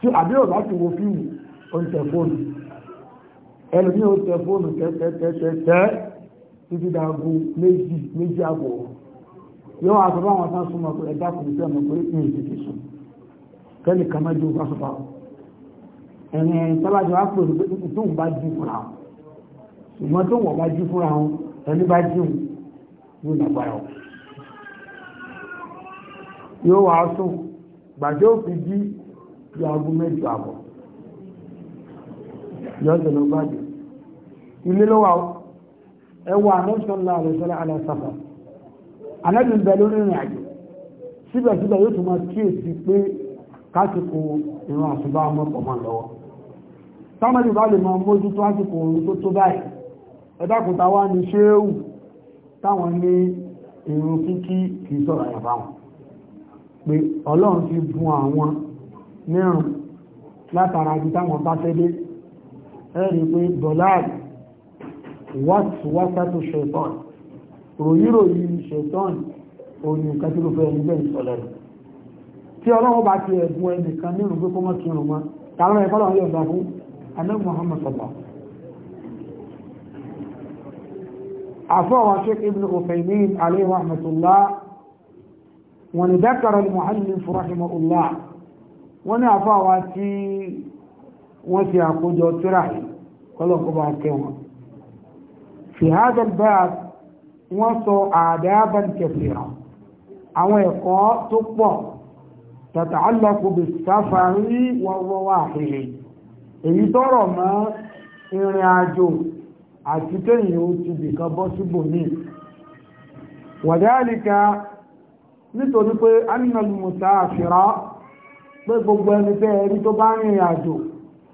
tí àbíọ̀ láti wo fíìmù oúnjẹ fóònù ẹlòmí ó tẹ fóònù tẹ́tẹ́tẹ́tẹ́ títí dàgbù méjì méjì àbọ̀ yóò wá sọ báwọn tán súnmọ́ pé ẹ̀dá kò tẹ́ ọmọ pé ní ìdíje sùn kẹ́lì kan mẹ́jọ bá sọ báwọn ẹ̀yìn tábàjọ wá pè pé tó ń bá jí fúnra wọn ṣùgbọ́n tó ń wọ̀ bá jí fúnra wọn ẹni bá jí wọn yóò lágbára wọn yóò wá sùn gbàjọ́ òfin jí sí aago mẹ́jọ àbọ̀ yọ́sẹ̀ ló gbájú ilé ló wà ẹwà anẹ́sọ̀lá àlẹ́sọ̀lá àlẹ́sàfà anẹ́bí ń bẹ lórí ìrìn àjò síbẹ̀síbẹ̀ yóò tún máa kíyèsí pé kásìkò ìrìn àṣùbá ọmọ pọ̀ mọ́ lọ́wọ́ sámẹ́lì bá lè máa mójútó àsìkò oorun tó tó báyìí ẹ̀dàkùnta wá ní ṣéèwù táwọn ní ìrun kíkí kìí sọ̀rọ̀ àyàbáwọn pé ọlọ́run ti bùn àwọn mẹ́rùn látara ibi táwọn bá fẹ́ dé ẹ̀rí pé dọ̀láàd wàtúwátátó ṣẹ̀tọ́n ròyíròyìn ṣẹ̀tọ́n òní nǹkan tí ló fẹ́ ẹni bẹ́ẹ̀ sọ̀lẹ̀ rẹ̀ tí ọlọ́wọ́ bá ti ẹ̀bùn ẹnìkan nínú pé kó mọ́ kírun mọ́ tààrọ̀ ẹ̀kọ́ lọ́wọ́ yóò gbà fún anẹ́bù عليه رحمة الله وندكر المعلم رحمه الله wọ́n ní àfáwà tí wọ́n ti àkójọ tíra kọlọ̀kọba kẹwọn fi hadal wọ́n sọ àdáyàbá kẹfìrà àwọn ẹ̀kọ́ tó pọ̀ tàtàlọ́kù bí sáfàrí wọ́wọ́wà àfihì èyí tọ́rọ̀ mọ́ ìrìn àjò àti kẹ́yìn ó nítorí pé annal pé gbogbo ẹni tẹ́ ẹ̀rí tó bá rìnrìn àjò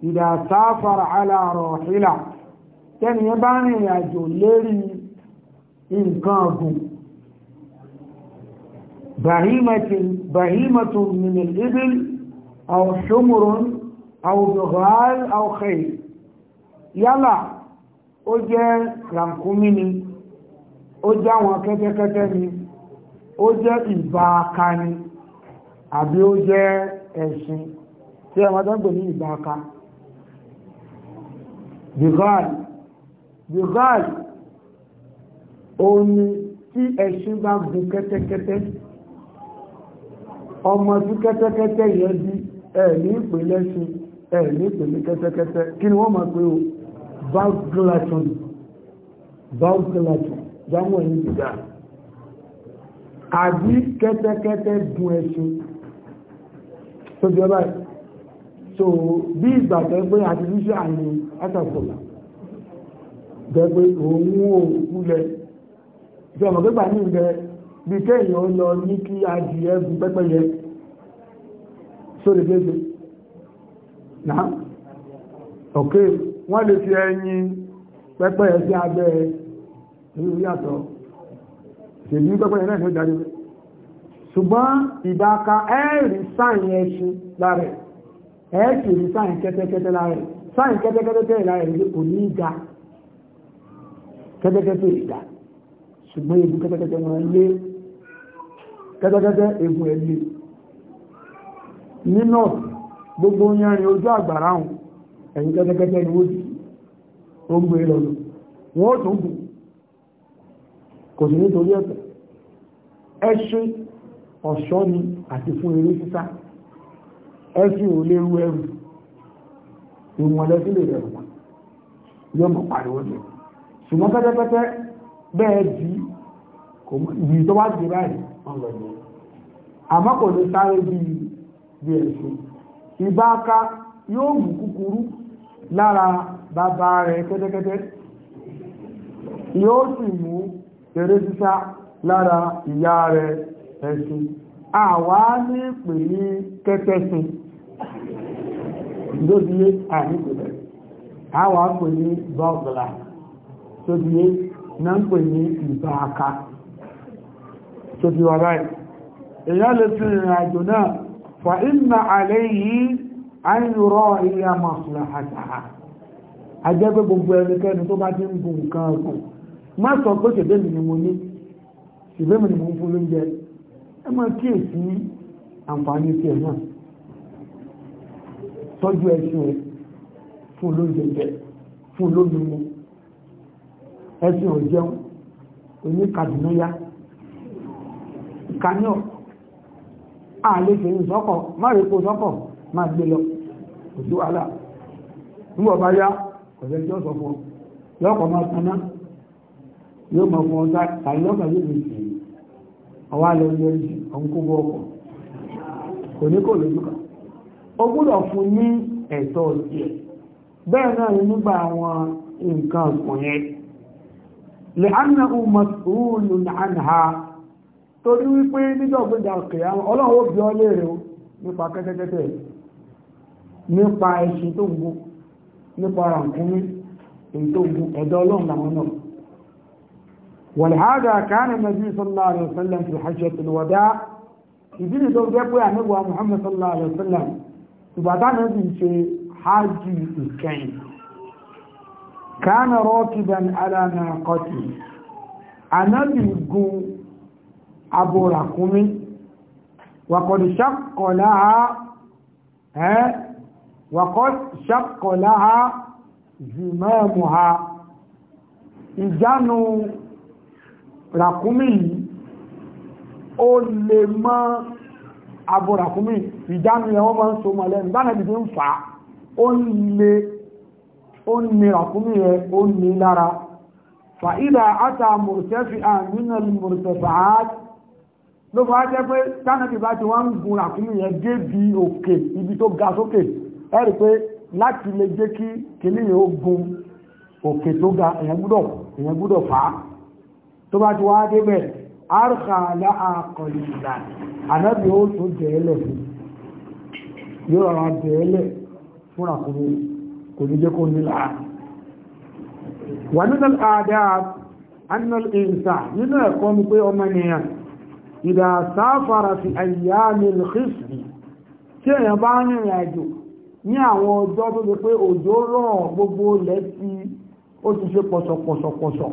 ìdá sáfàrà aláàrọ̀ ìlà tẹ́niyàn bá rìnrìn àjò lérí nǹkan ọ̀gùn bahimatun min al-ibil aw shumurun aw bighal aw khayl yálà ó jẹ́ ràkúnmí ni ó jẹ́ àwọn kẹ́tẹ́kẹ́tẹ́ ni ó jẹ́ ìbáaka àbí ó jẹ́ ẹ̀ṣin tí ọmọ tó ń pè ní ìbáka bígáàlì bígáàlì òun tí ẹ̀ṣin bá gùn kẹ́tẹ́kẹ́tẹ́ ọmọ tí kẹ́tẹ́kẹ́tẹ́ yẹn di ẹ̀ẹ̀ní ìpínlẹ̀ ṣe ẹ̀ẹ̀ní ìpínlẹ̀ kẹ́tẹ́kẹ́tẹ́ kí ni wọ́n máa pé o valglaton valglaton jámọ̀ yìí dìgbà àbí kẹ́tẹ́kẹ́tẹ́ dùn ẹ̀ṣin tó jẹ báyìí so bí ìgbà tẹ́ pé artificial àyè ẹ́tàkùnlá jẹ́ pé òun ò kúlẹ̀ jẹ́ ọmọ pípa ní ilẹ̀ bí kéèyàn lọ ní kí adìẹ bu na náà ok wọ́n lè fi ẹyin pẹ́pẹ́yẹ sí abẹ́ ìlú ní ṣùgbọ́n ìbáka ẹ́ẹ̀rí sáàyìn ẹṣin lára ẹ̀ẹ́kì rí sáàyìn kẹ́tẹ́kẹ́tẹ́ lára sáàyìn kẹ́tẹ́kẹ́tẹ́ lára rí kò ní ìdá kẹ́tẹ́kẹ́tẹ́ ìdá ṣùgbọ́n egun kẹ́tẹ́kẹ́tẹ́ wọn lé kẹ́tẹ́kẹ́tẹ́ egun ẹ̀ lé ni wọ́n ti ó gbé lọ lọ wọ́n tó gùn kò sí nítorí ọ̀ṣọ́ ni àti fún eré sísá ẹ̀sìn ò lè ru ẹrù ìwọ̀n lẹ́sìn lè rẹ̀ wọ́n yóò mọ̀ pariwo jù ṣùgbọ́n pẹ́tẹ́pẹ́tẹ́ bẹ́ẹ̀ di yìí tó wá di báyìí wọ́n lọ ẹ̀sìn àwa ní pè ní kẹ́kẹ́sìn a àníkùnlẹ̀ àwa pè ní bọ́ọ̀bùlà tóbíyé na ń pè ní ìbáaka tóbí wà báyìí èyàn lè fi ìrìn àjò náà fa inna alayhi an yura'iya maslahataha ajẹ́ pé gbogbo ẹnikẹ́ni tó bá ti ń gun nǹkan ọ̀gùn má sọ pé ṣèbémi ni mo ní ni mo ń fún lóúnjẹ ẹ máa kíyèsí àǹfààní tí ẹ̀ náà tọ́jú ẹṣin ẹ̀ fún olóúnjẹ jẹ fún olómi mu ẹṣin ò jẹun òní kàdùnúyá ìkànnì ọ̀ àlejò ní sọ́kọ̀ má rí epo sọ́kọ̀ má gbé lọ òjú wàhálà nígbà bá yá ọ̀rẹ́ tí ó sọ fún ọ lọ́kọ̀ máa taná yóò máa fún ọ tàbí lọ́kọ̀ yóò fi sèé ọwọ́ àlọ́ yọrí sí ọ̀nkú bọ́ọ̀kọ̀ kò ní kò lójú kan ó gbúdọ̀ fún ní ẹ̀tọ́ sí ẹ̀ bẹ́ẹ̀ náà ni nígbà àwọn nǹkan ọ̀sùn yẹn lè ánà umaru nàánà torí wípé níjọ́ gbẹ́jà òkè o nípa kẹ́tẹ́kẹ́tẹ́ nípa ẹṣin tó ń gbó nípa ràǹkúnmí ولهذا كان النبي صلى الله عليه وسلم في حجة الوداع ìdí ni tó jẹ́ pé àníwà Muhammad sallallahu alaihi wasallam ìbàdá náà ti ṣe hajji ìkẹyìn kánà rọ́kìdàn alànà kọtì anábì gun abúrakúnmí wàkọ̀dì ṣàkọ̀láha zimamuha ìjánu ràkúnmí yìí ó lè mọ́ abo ràkúnmí ìjánu ẹ̀ wọ́n máa ń so mọ́ lẹ́nu bá nàbìdí ń fà á ó ń lè ó ní ràkúnmí ẹ̀ ó ní lára fa ìdá àtà mùrùtẹ́fì àmìnà mùrùtẹ́fà áàtì ló fà á jẹ́ pé tánàbì bá ti wọ́n ń gun ràkúnmí ẹ̀ dé láti lè jẹ́ kí kìnìyàn ó gun òkè tó ga èèyàn gbúdọ̀ fà tó bá ti wá débẹ̀ arka láàkọlù ìlà ànábì ó tún jẹ́ẹ̀lẹ̀ yóò rọra jẹ́ẹ̀lẹ̀ fún àkùnrin kò ní jẹ́ kó nílà wà nínú àdáà annal insa nínú ẹ̀kọ́ ní pé ọmọ ènìyàn ìdá sáfàrà fi àyà mil khisbi tí èyàn ní àwọn ọjọ́ tó lè pé òjò rọ̀ gbogbo lẹ́tí ó ti ṣe pọ̀sọ̀pọ̀sọ̀pọ̀sọ̀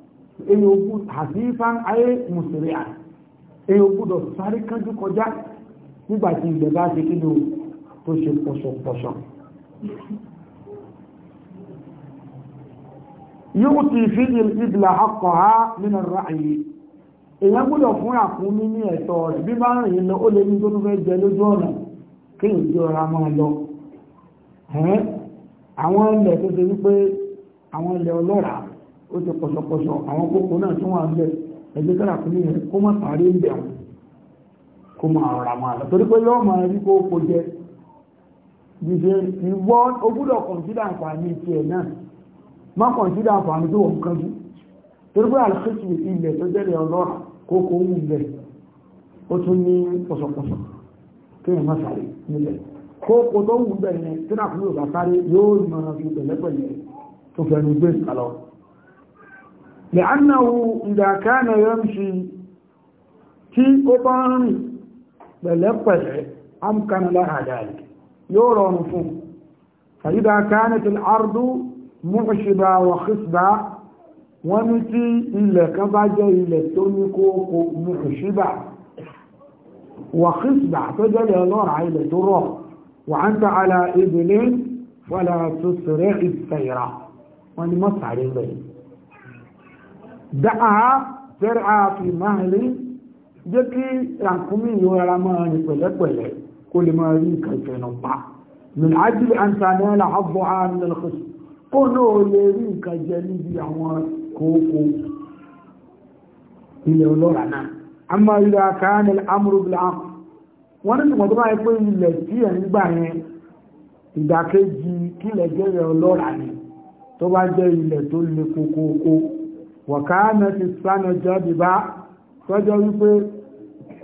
èyí ogún àfífán ayé mùsùlùmí à èyí ogúdọ̀ sáré kánjú kọjá nígbàtí ìgbẹ̀ bá ṣe kí ló tó ṣe pọ̀ṣọ̀pọ̀ṣọ̀ yóò ti fi ìbìlà ọkọ̀ ha nínú ráàyè èyàn gbọ́dọ̀ fún àkúnmí ní ẹ̀tọ́ rẹ̀ bí bá rìn lọ ó lè ní tó fẹ́ jẹ lójú ọ̀nà kí n jí ọra máa lọ àwọn ilẹ̀ tó ṣe wípé àwọn ilẹ̀ ọlọ́ràá ó ti pọ̀ṣọpọ̀ṣọ àwọn kókó náà tún wà ń bẹ̀ ẹgbẹ́ kára kún ní kó má parí ń bẹ̀ wọn kó máa rọra máa lọ torí pé yóò máa rí kó kó jẹ gbèsè ìwọ ogúdọ̀ kọ̀ǹsídà àǹfààní tiẹ̀ náà má kọ̀ǹsídà àǹfààní tó wọ́n kanjú torí pé àlùkìsì ilẹ̀ tó jẹ́rẹ̀ ọlọ́rà kókó ń bẹ̀ ó tún ní pọ̀ṣọpọ̀ṣọ kí ẹ̀ má sáré nílẹ̀ kókó tó wù bẹ̀ yẹn tí náà kúrò bá sáré yóò máa fi pẹ̀lẹ́pẹ̀lẹ́ tó fẹnu gbé kalọ́ لأنه إذا كان يمشي في أبان بلقل أمكن لها ذلك يرى نفوه فإذا كانت الأرض معشبة وخصبة ومتي إلا كبجة إلا تنكوك معشبة وخصبة فجل الله عيلة الروح وأنت على إبلين فلا تسرع السيرة وأنت مصعد البيت dáa fẹ́rẹ̀ àfi máa rí jẹ́ kí ràkúnmí yóò rárá máa rìn pẹ̀lẹ́pẹ̀lẹ́ kó lè máa rí nǹkan ìfẹ̀nà pa min ajili antanela abọ́ àmì alkhus kó náà lè rí nǹkan jẹ níbi àwọn kókó ilẹ̀ ọlọ́ra náà a máa rí ra káánil amúrúbìlá wọ́n ní tùmọ̀ tó máa pé ilẹ̀ tí ẹ̀ ń gbà yẹn ìdàkejì kílẹ̀ jẹ́ ọlọ́ra ni tó bá jẹ́ ilẹ̀ tó le kókókó wọ̀káánà ti sánàjọ́ dìbá tọ́jọ́ wípé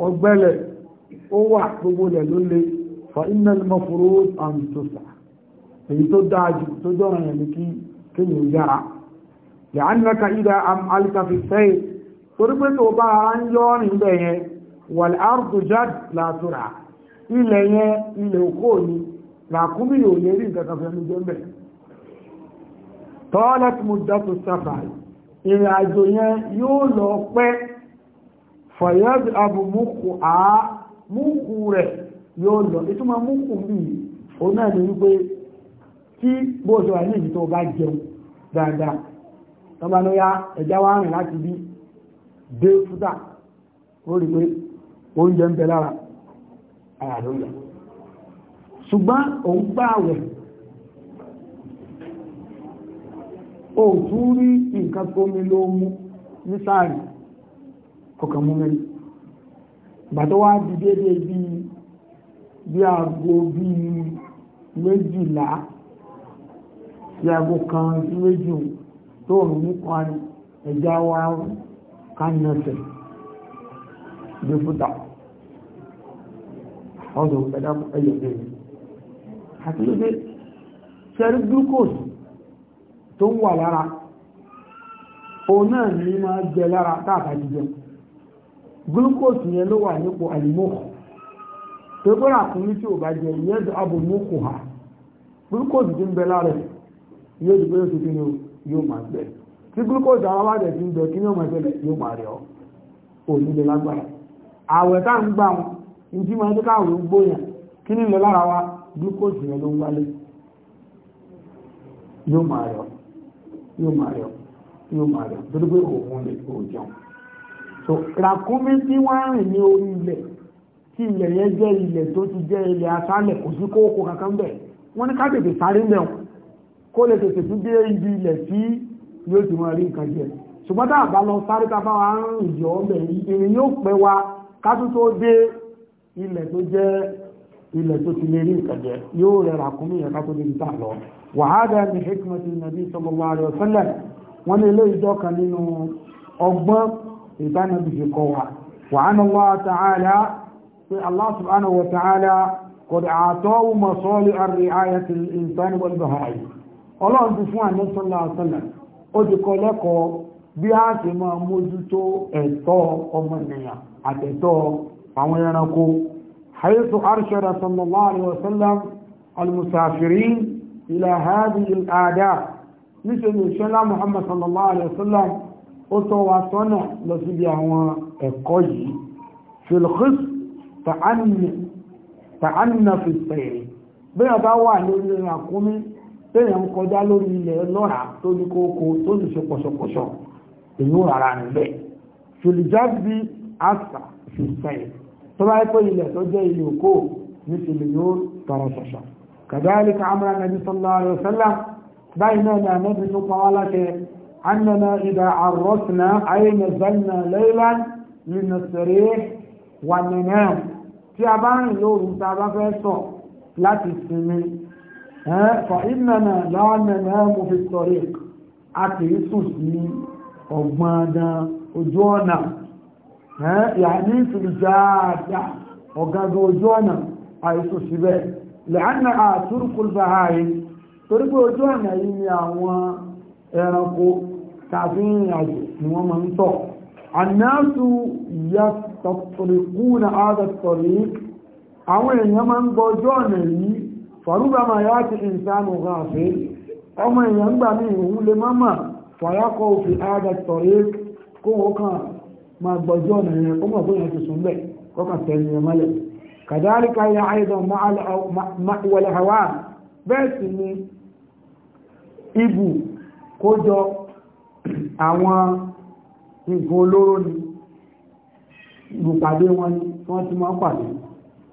ọgbẹ́lẹ̀ ó wà gbogbo lẹ̀ ló le fa iná mọ́fúró àmìtòsà èyí tó dáájú tó jọ́rọ̀ yẹn ní kí kéèyàn yára yàánàkà ìdá alìkàfi sẹ́yìn torí pé tó bá ara ń yọ́ rìn bẹ́ẹ̀ yẹn wàlárùkù jáde látúrà ilẹ̀ yẹn ilẹ̀ òkú ni làkúmí yóò lérí nǹkan kan fẹ́ mi jẹ́ bẹ́ẹ̀ tọ́lẹ̀tì mú dátù sáfàì ìrìn àjò yẹn yóò lọ pẹ́ fọ̀yọ́d abùmúkù á múkù rẹ̀ yóò lọ ìtumọ̀ múkù mi ò náà ní wípé tí bóòsù wà ní ìdí tó bá jẹun dáadáa tọ́ba ló yá ẹ̀já wá rìn láti bí dé fúdà ó rí pé oúnjẹ ń bẹ lára àyà ṣùgbọ́n òun gbá ó tún rí nǹkan tó mi ló mú ní sáàrì ọkàn mú mẹ́rin ìgbà tó wá di dédé bí bí aago bí méjìlá sí aago kan sí méjì tó rùn ní kan ẹ̀já wa kánìyànṣẹ̀ gbé fúta ọdún ẹ̀dá ẹ̀yọ̀ ẹ̀yọ̀ àti ṣẹ́rí glucose tó ń wà lára o náà ní máa jẹ lára káàkà jíjẹ glucose yẹn ló wà nípo àlìmọ́kù tó gbọ́dọ̀ àkúnmí tí ò bá jẹ ìyẹn tó abò mọ́kù ha glucose ti ń bẹ lára ẹ̀ yóò dùgbò yóò tuntun yóò máa gbẹ tí glucose àwọn bá ti ń bẹ kí ni ó máa yóò máa lè lágbára àwẹ̀ tá ń gbà wọn ní tí máa yóò máa rẹ̀ yóò máa rẹ̀ torí pé òun lè kó jẹun so ràkúnmí tí wọ́n rìn ní orí ilẹ̀ tí ilẹ̀ yẹn jẹ́ ilẹ̀ tó ti jẹ́ ilẹ̀ aṣálẹ̀ kò sí kókó kankan bẹ̀ wọ́n ní ká tètè sáré ń bẹ̀ kó lè tètè tún dé ibi ilẹ̀ tí yóò ti máa rí nǹkan jẹ ṣùgbọ́n tá a bá lọ sáré tá a bá wa ń rìn yọ ọbẹ̀ ìrìn yóò pẹ́ wa ká tún tó dé ilẹ̀ tó jẹ́ ilẹ̀ tó ti lè rí nǹkan jẹ yóò rẹ̀ ràkúnmí yẹn ká tó débi tá a lọ wàhádà ní hikmatu nàbí sallallahu alaihi wasallam wọ́n lè lóyìn dọ́kan nínú ọgbọ́n ìtànàbí fi kọ wa wàhánà Allah ta'ala pé Allah subhanahu wa ta'ala qad a'tahu masalih ar-ri'ayati al-insani wal-bahai ọlọ́run ti fún àmì sallallahu alaihi wasallam ó ti kọ lẹ́kọ̀ọ́ bí a ìlà hàbí àdá nítorí ìṣọ́lá muhammad sallallahu alaihi wasallam ó tọ́ wa sọ́nà lọ síbi àwọn ẹ̀kọ́ yìí filkhis ta'anna fi sẹ́yìn bí wọ́n bá wà lórí àkúmí tẹ́yàn kọjá lórí ilẹ̀ lọ́ra tó ní kókó tó sì ṣe pọ̀ṣọpọ̀ṣọ èyí ò rárá níbẹ̀ filijabi asa fi sẹ́yìn tó bá pẹ́ ilẹ̀ tó jẹ́ ilẹ̀ òkó ní fìlì yóò tọrọ ṣọ̀ṣọ̀ كذلك عمر النبي صلى الله عليه وسلم بيننا نبي مطالك أننا إذا عرفنا أي نزلنا ليلا لنستريح وننام في أبان يوم تابع فيسو لا تسمي ها فإننا لا ننام في الطريق أتي سوسي أمانا أجونا ها يعني في الجاة أجاز أجونا أي سوسي بيه lẹ́hánà a torí pé ojú ọ̀nà yìí ni àwọn ẹranko tàbí ìrìnàjò ni wọ́n máa ń tọ̀ ànáàtù ìyá tọ̀tọ̀rẹ̀kú na ya àwọn èèyàn máa ń gbọ́ ojú ọ̀nà yìí farúgbàmà yá ti ìsánù gáàfẹ́ ọmọ èèyàn gbà ní ìhun lè mọ́mà fàyákọ̀ òfin àádọ́tọ̀rí kó wọ́n kàn máa gbọ́jú ọ̀nà yẹn kó mọ̀ pé yẹn sùn bẹ́ẹ̀ كذلك هي أيضا مع والهواء bẹ́ẹ̀ sì ni ibu kójọ àwọn nǹkan olóró ni ìgbùpàdé wọn ni wọ́n ti máa ń pàdé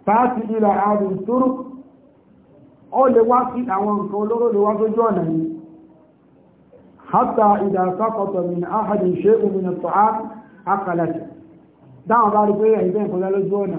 pàtí ilẹ̀ ààrùn tóró ó lè wá sí àwọn nǹkan olóró lè wá sójú ọ̀nà ni hátà ìdàsákọ̀tọ̀ min áhàdì ṣe òmìnà tọ́ á ákàlẹ̀ dáwọn bá rí pé ẹ̀yìn ni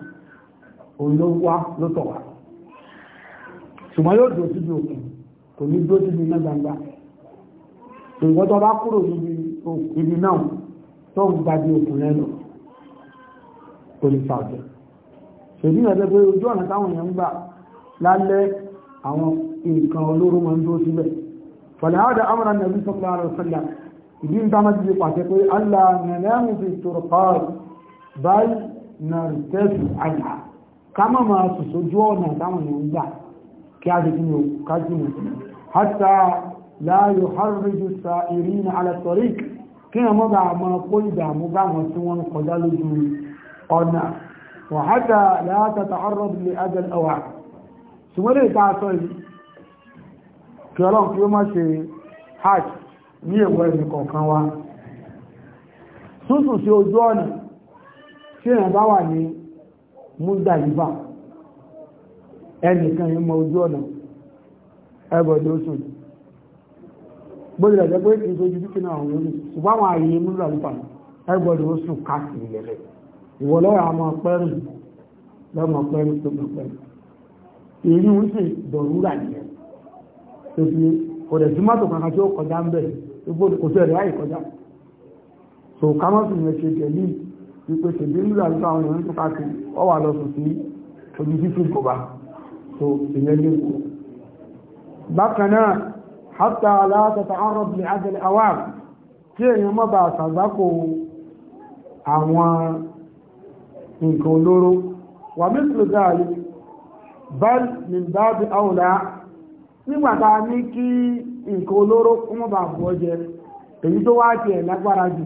olówá ló tọ̀ wá ṣùgbọ́n yóò dúró síbi òkun kò ní dúró síbi iná gbangba ṣùgbọ́n tó bá kúrò níbi ibi náà tó ń gba bí òkun rẹ lọ kò lè fa ọ̀jẹ̀ ṣèbí rẹ̀ pé ojú ọ̀nà táwọn èèyàn ń gbà lálẹ́ àwọn nǹkan olóró máa ń dúró síbẹ̀ fọ̀lẹ̀ àwọ̀dà amúra nàbí sọ́kùnrin àrùn sọ́lá ìdí ń dáná ti pàṣẹ pé allah nàlẹ́mù fi tòrò kọ́ọ̀rù báyìí nàrùtẹ́sù àjà ká má máa sùn sójú ọ̀nà táwọn èèyàn ń gbà kí a ti kíni ká jìnà sí hátà láàyò harvard sa ìrìn alẹ́sọ̀rí kí wọ́n mọ́ bá máa kó ìdààmú bá wọn tí wọ́n kọjá lójú ọ̀nà sí ojú wà ní múdà ìbá ẹnìkan yìí mọ ojú ọ̀nà ẹbọ̀dẹ̀ oṣù gbọ́dọ̀ jẹ́ pé kìí sojú dúkìá àwọn orí ṣùgbọ́n àwọn ààyè múdà ìbá ẹbọ̀dẹ̀ oṣù káàkiri lẹ́lẹ̀ ìwọ̀ lọ́rọ̀ àmọ́ pẹ́rù lọ́mọ pẹ́rù tó mọ pẹ́rù èyí ń so kámọ́sì yẹn wípé tèbí nígbà nígbà àwọn èèyàn tó káàkiri ọ wà lọ sùn sí ojú títí kọba tó ìyẹn lè kú bákan náà hátà aláàtàtà àrọ̀ bí ajẹ́lẹ̀ àwà tí èèyàn mọ́ bá àtàgbákò àwọn nǹkan olóró wà mísìlì dáàlì bẹ́ẹ̀ ni dáàbì àwòlá nígbàtà ní kí nǹkan olóró mọ́ bá bọ́ jẹ èyí tó wá jẹ lágbára jù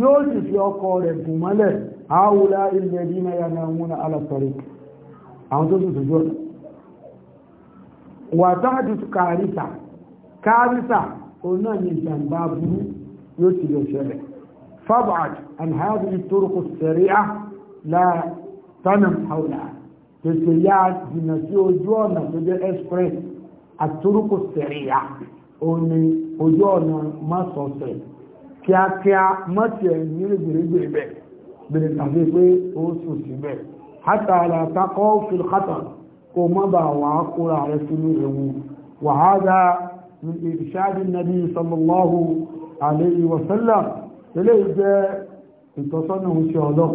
yóò sì fi ọkọ̀ rẹ̀ gùn mọ́lẹ̀ àwòlá ilẹ̀ dínà ya na múna alàtọ̀rẹ̀ àwọn tó sùsù jọ́ wà táàdì kàrísà kàrísà òun náà ni ìjàmbá burú yóò ti lè ṣẹlẹ̀ fabad an hadi turuku sari'a la tanam haula tètè yá jìnà sí ojú ọ̀nà tó jẹ́ express àturuku sari'a ojú ọ̀nà má sọ̀sẹ̀ kíákíá mọ́tì ẹ̀ ní gbèrègbè bẹ̀ bèrè tàbí pé ó sùn síbẹ̀ hátàlá takọ́ fìlkátà kó má bà wà á kóra rẹ̀ sínú ewu wàhálà ìṣáàdì nàbí sallallahu alayhi wa sallam ilé jẹ́ ìtọ́sọ́nà oṣù ọlọ́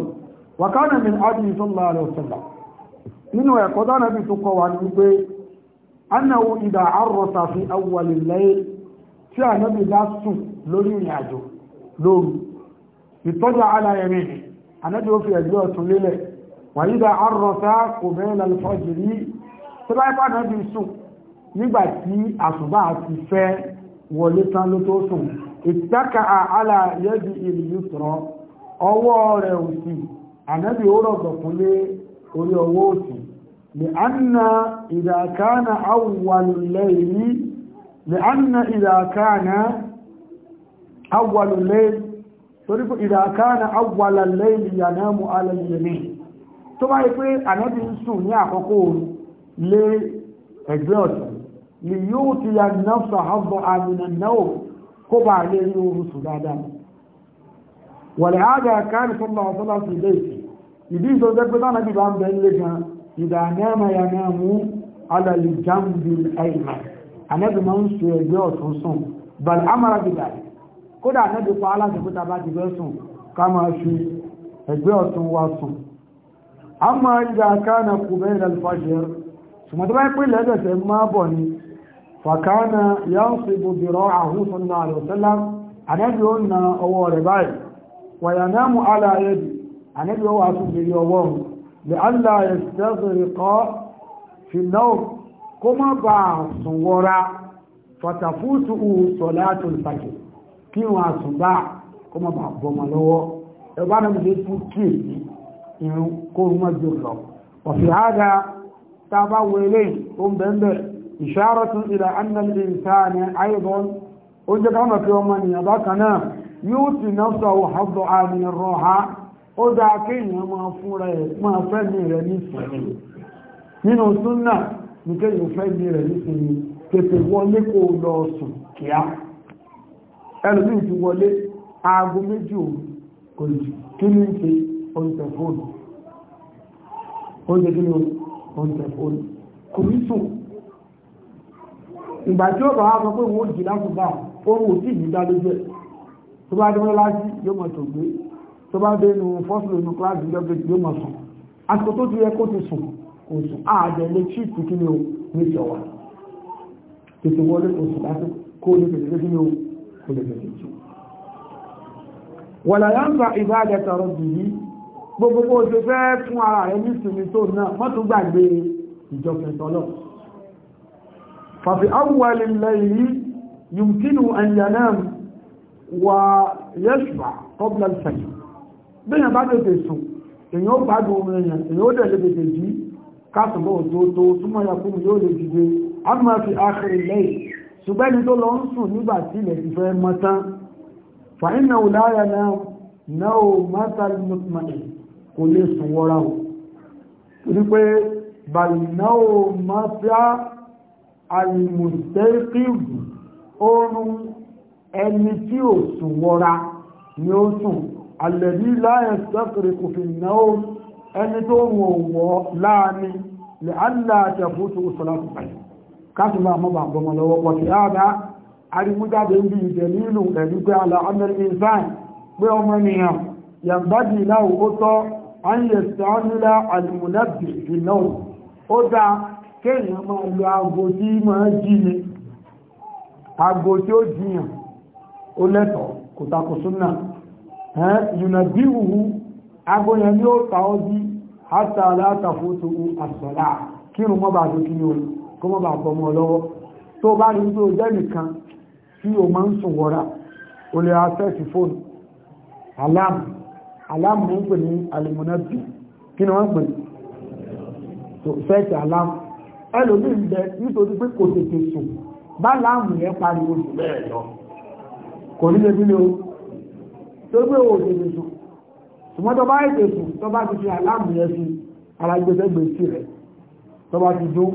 wà ní wípé annahu idha arrasa lórí ìrìn àjò lóru ìtọ́jà aláyẹ̀mí anájú ó fi ẹ̀gbẹ́ ọ̀tún lélẹ̀ wàyídà arọ́ta kò bẹ́ẹ̀lẹ̀ alfajiri tó bá ipá náà fi sùn nígbà tí àsùbá ti fẹ́ wọlé tán ló tó sùn ìtàkà aláyẹ̀dì ìlú sọ̀rọ̀ ọwọ́ rẹ̀ òsì anábì ó rọ̀gbọ̀kúnlé orí ọwọ́ òsì لأن إذا كان أول الليل لأن إذا كان awwalul layl torí pé ìdàkánà awwalul layl yanamu ala al-yamin tó bá yẹ pé ànábì ń sùn ní àkọ́kọ́ òru lé ẹgbẹ́ ọ̀tún lè yóò ti ya nafsa habba amina náà kó bá lè rí oru sùn dáadáa wọ̀lẹ̀ àádọ́ àkáàrí sọ́lá ọ̀sọ́lá sí ilé ìsìn ìdí ìsọ́jẹ́ pé lánàá bí bá ń bẹ ń gan ìdàmẹ́mà ya náà mú àìmà ànábì máa ń sọ ẹgbẹ́ ọ̀tún sùn bal amara bi kódà nẹ́bí pa alásìkúta bá ti bẹ́ sùn ká máa fi ẹgbẹ́ ọ̀tún wa sùn a máa ìgbà kánà kù bẹ́ẹ̀rẹ̀ alfajir ṣùgbọ́n tó bá pín lẹ́gbẹ̀ẹ́sẹ̀ máa bọ̀ ni fàkánà yáò sì bùbìrọ̀ tó fàjẹ̀ kí wọn àsùnbà kó má bàa bọ́mọ lọ́wọ́ ẹ̀bá náà lè fún kí èyí irun kó má jò lọ ọ̀fì àádá tá a bá wo eléyìí ó ń bẹ́ẹ̀ ìṣàrọ̀tún ìlà annalin sáà ní ó jẹ́ ká mọ̀ ọmọ nìyàn bákan náà yóò ti náà sọ ọ̀họ́dọ̀ àmìyàn rọ̀ ẹlòmí ti wọlé aago méjì òru kí ní ṣe oúnjẹ fóònù oúnjẹ kí ní oúnjẹ fóònù kò ní sùn ìgbà tí ó bá wá sọ pé wọ́n jì lákùnbà ohun ò tí ì dá lójú ẹ̀ tó bá dúró láti yóò mọ̀ tó gbé tó bá dé inú fọ́sùlù inú kíláàsì lọ́gbẹ̀ yóò mọ̀ sùn àsìkò tó ti yẹ kó ti sùn kò sùn ààjẹ̀ lè chíìtì kí ni o ní ìjọwà tètè wọlé kò sùn lásìkò kó ní tètè kí ni o kó lè bẹ̀rẹ̀ jù wọ̀lá yá ń fa ìbáàdẹ̀ tọrọ bì yí gbogbo bó ṣe fẹ́ fún ara rẹ̀ ní ìsinmi tó náà mọ́tò gbàgbé ìjọkẹ̀ tọ́lọ̀ fàfi awwalil layli yumkinu an yanam wa yashba qabla al-fajr bẹ́yàn bá tètè sùn èyàn ó gbádùn orin èyàn èyàn ó dẹ̀ lè tètè jí kásùnbọ̀ òtòótó súnmọ́ yakúmù yóò lè dìde amma fi akhir al-layl ṣùgbọ́n ẹni tó lọ ń sùn nígbà tí ilẹ̀ ti fẹ́ mọ́ tán fàínà òláyà náà náà mátàlì mọ́tìmọ̀lì kò lè sùn wọ́ra o torí pé bàlì náà mátà alìmùsẹ́kìbù oorun ẹni tí ò sùn wọ́ra ni ó sùn alẹ̀bí láyẹ̀ sẹ́kìrì kò fi náà ẹni tó wọ̀wọ̀ láàrin lè alẹ́ àtẹ̀fóso sọ́lá kásùbà mọ́ bàbọ́ mọ́ lọ́wọ́ pọ̀ sí ààdá arimújáde ń bí ìjẹ̀ nílùú ẹ̀rí pé àlà amẹ́rin pé ọmọ ènìyàn yàgbádì láwù ó tọ́ ayẹ̀ sàánúlá alìmùlábì ìnáwó ó dá kéèyàn máa lo aago tí jí ni ó kó mọ́ bá bọmọ lọ́wọ́ tó bá rí pé o jẹ́ nìkan tí o máa ń sùn wọ́ra o lè asẹ́sì fóònù alam alam mú pè ní alimunabi kí ni wọ́n pè tó sẹ́ẹ̀tì alam ẹlòmí ń bẹ nítorí pé kò tètè sùn bá láàmù yẹn pariwo jù bẹ́ẹ̀ lọ kò ní lebi ni o tó gbé o tètè sùn ṣùgbọ́n bá ètè sùn tó bá ti fi alam yẹn fi ara gbèsè rẹ̀ tó bá ti dún